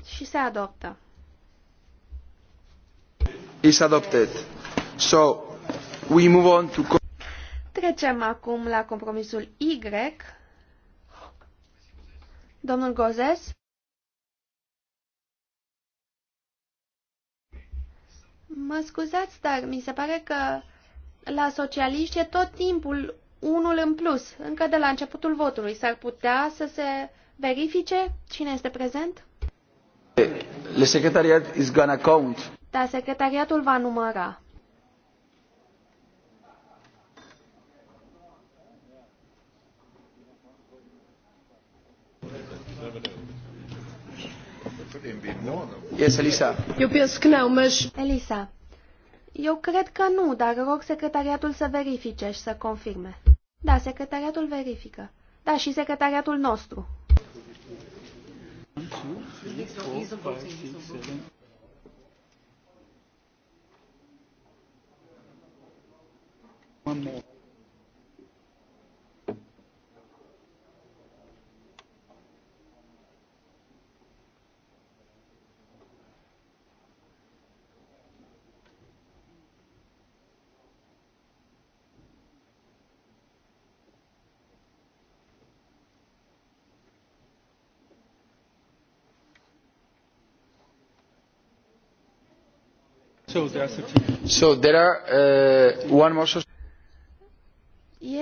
Și se adoptă. Is adopted. So, we move on to... Trecem acum la compromisul Y. Domnul Gozes. Mă scuzați, dar mi se pare că la socialiști e tot timpul unul în plus, încă de la începutul votului. S-ar putea să se verifice cine este prezent? Le secretariat is gonna count. Da, secretariatul va număra. Yes, Elisa. Eu penso că nu, mas... Elisa, eu cred că nu, dar rog secretariatul să verifice și să confirme. Da, secretariatul verifică. Da, și secretariatul nostru. One more. So there are, so there are uh, one more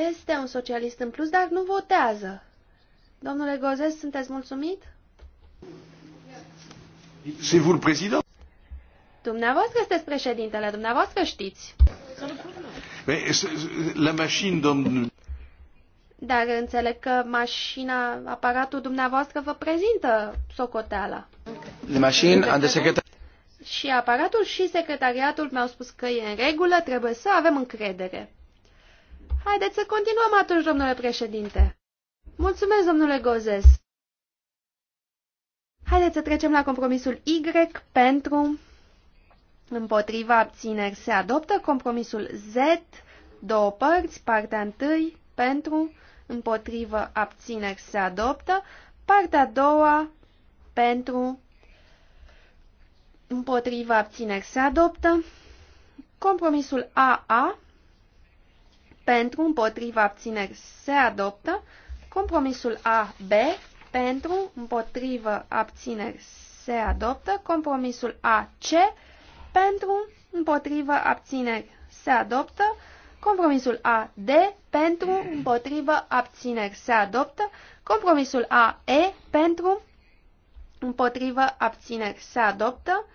Este un socialist în plus, dar nu votează. Domnule Gozes, sunteți mulțumit? C'est vous le président? Dumneavoastră sunteți președintele, dumneavoastră știți. La mașină, domnul... Dar înțeleg că mașina, aparatul dumneavoastră vă prezintă socoteala. The mașină, and the și aparatul și secretariatul mi-au spus că e în regulă, trebuie să avem încredere. Haideți să continuăm atunci, domnule președinte. Mulțumesc, domnule Gozes. Haideți să trecem la compromisul Y pentru împotriva abțineri. Se adoptă compromisul Z, două părți, partea întâi pentru împotriva abțineri se adoptă, partea a doua pentru Împotriva abțineri se adoptă. Compromisul AA pentru împotriva abțineri se adoptă. Compromisul AB pentru împotriva abțineri se adoptă. Compromisul AC pentru împotriva abțineri se adoptă. Compromisul AD pentru împotriva abțineri se adoptă. Compromisul AE pentru împotriva abțineri se adoptă.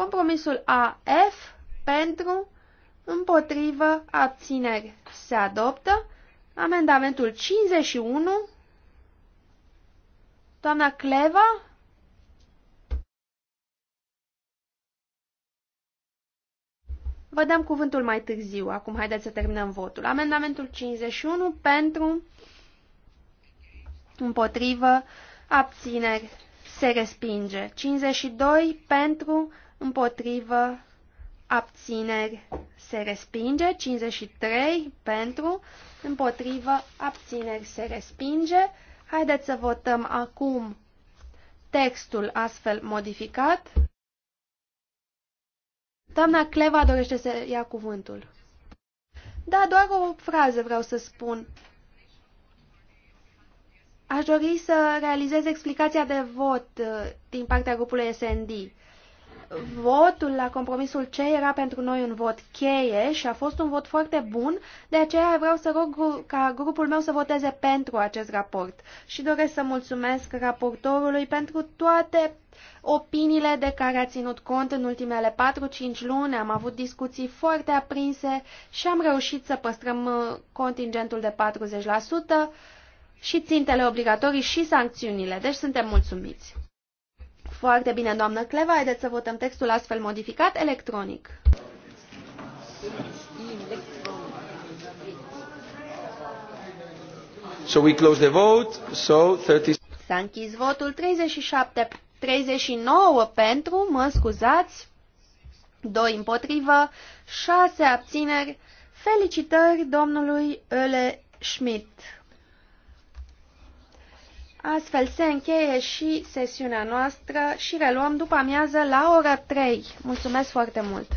Compromisul AF pentru, împotrivă, abțineri se adoptă. Amendamentul 51. Doamna Cleva? Vă dăm cuvântul mai târziu. Acum haideți să terminăm votul. Amendamentul 51 pentru, împotrivă, abțineri se respinge. 52 pentru, împotrivă, abțineri, se respinge. 53 pentru, împotrivă, abțineri, se respinge. Haideți să votăm acum textul astfel modificat. Doamna Cleva dorește să ia cuvântul. Da, doar o frază vreau să spun. Aș dori să realizez explicația de vot uh, din partea grupului SND. Votul la compromisul C era pentru noi un vot cheie și a fost un vot foarte bun, de aceea vreau să rog ca grupul meu să voteze pentru acest raport și doresc să mulțumesc raportorului pentru toate opiniile de care a ținut cont în ultimele 4-5 luni, am avut discuții foarte aprinse și am reușit să păstrăm uh, contingentul de 40% și țintele obligatorii și sancțiunile, deci suntem mulțumiți. Foarte bine, doamnă Cleva, haideți să votăm textul astfel modificat electronic. So we close the vote. So 30... S-a închis votul 37, 39 pentru, mă scuzați, 2 împotrivă, 6 abțineri. Felicitări domnului Öle Schmidt. Astfel se încheie și sesiunea noastră și reluăm după amiază la ora 3. Mulțumesc foarte mult!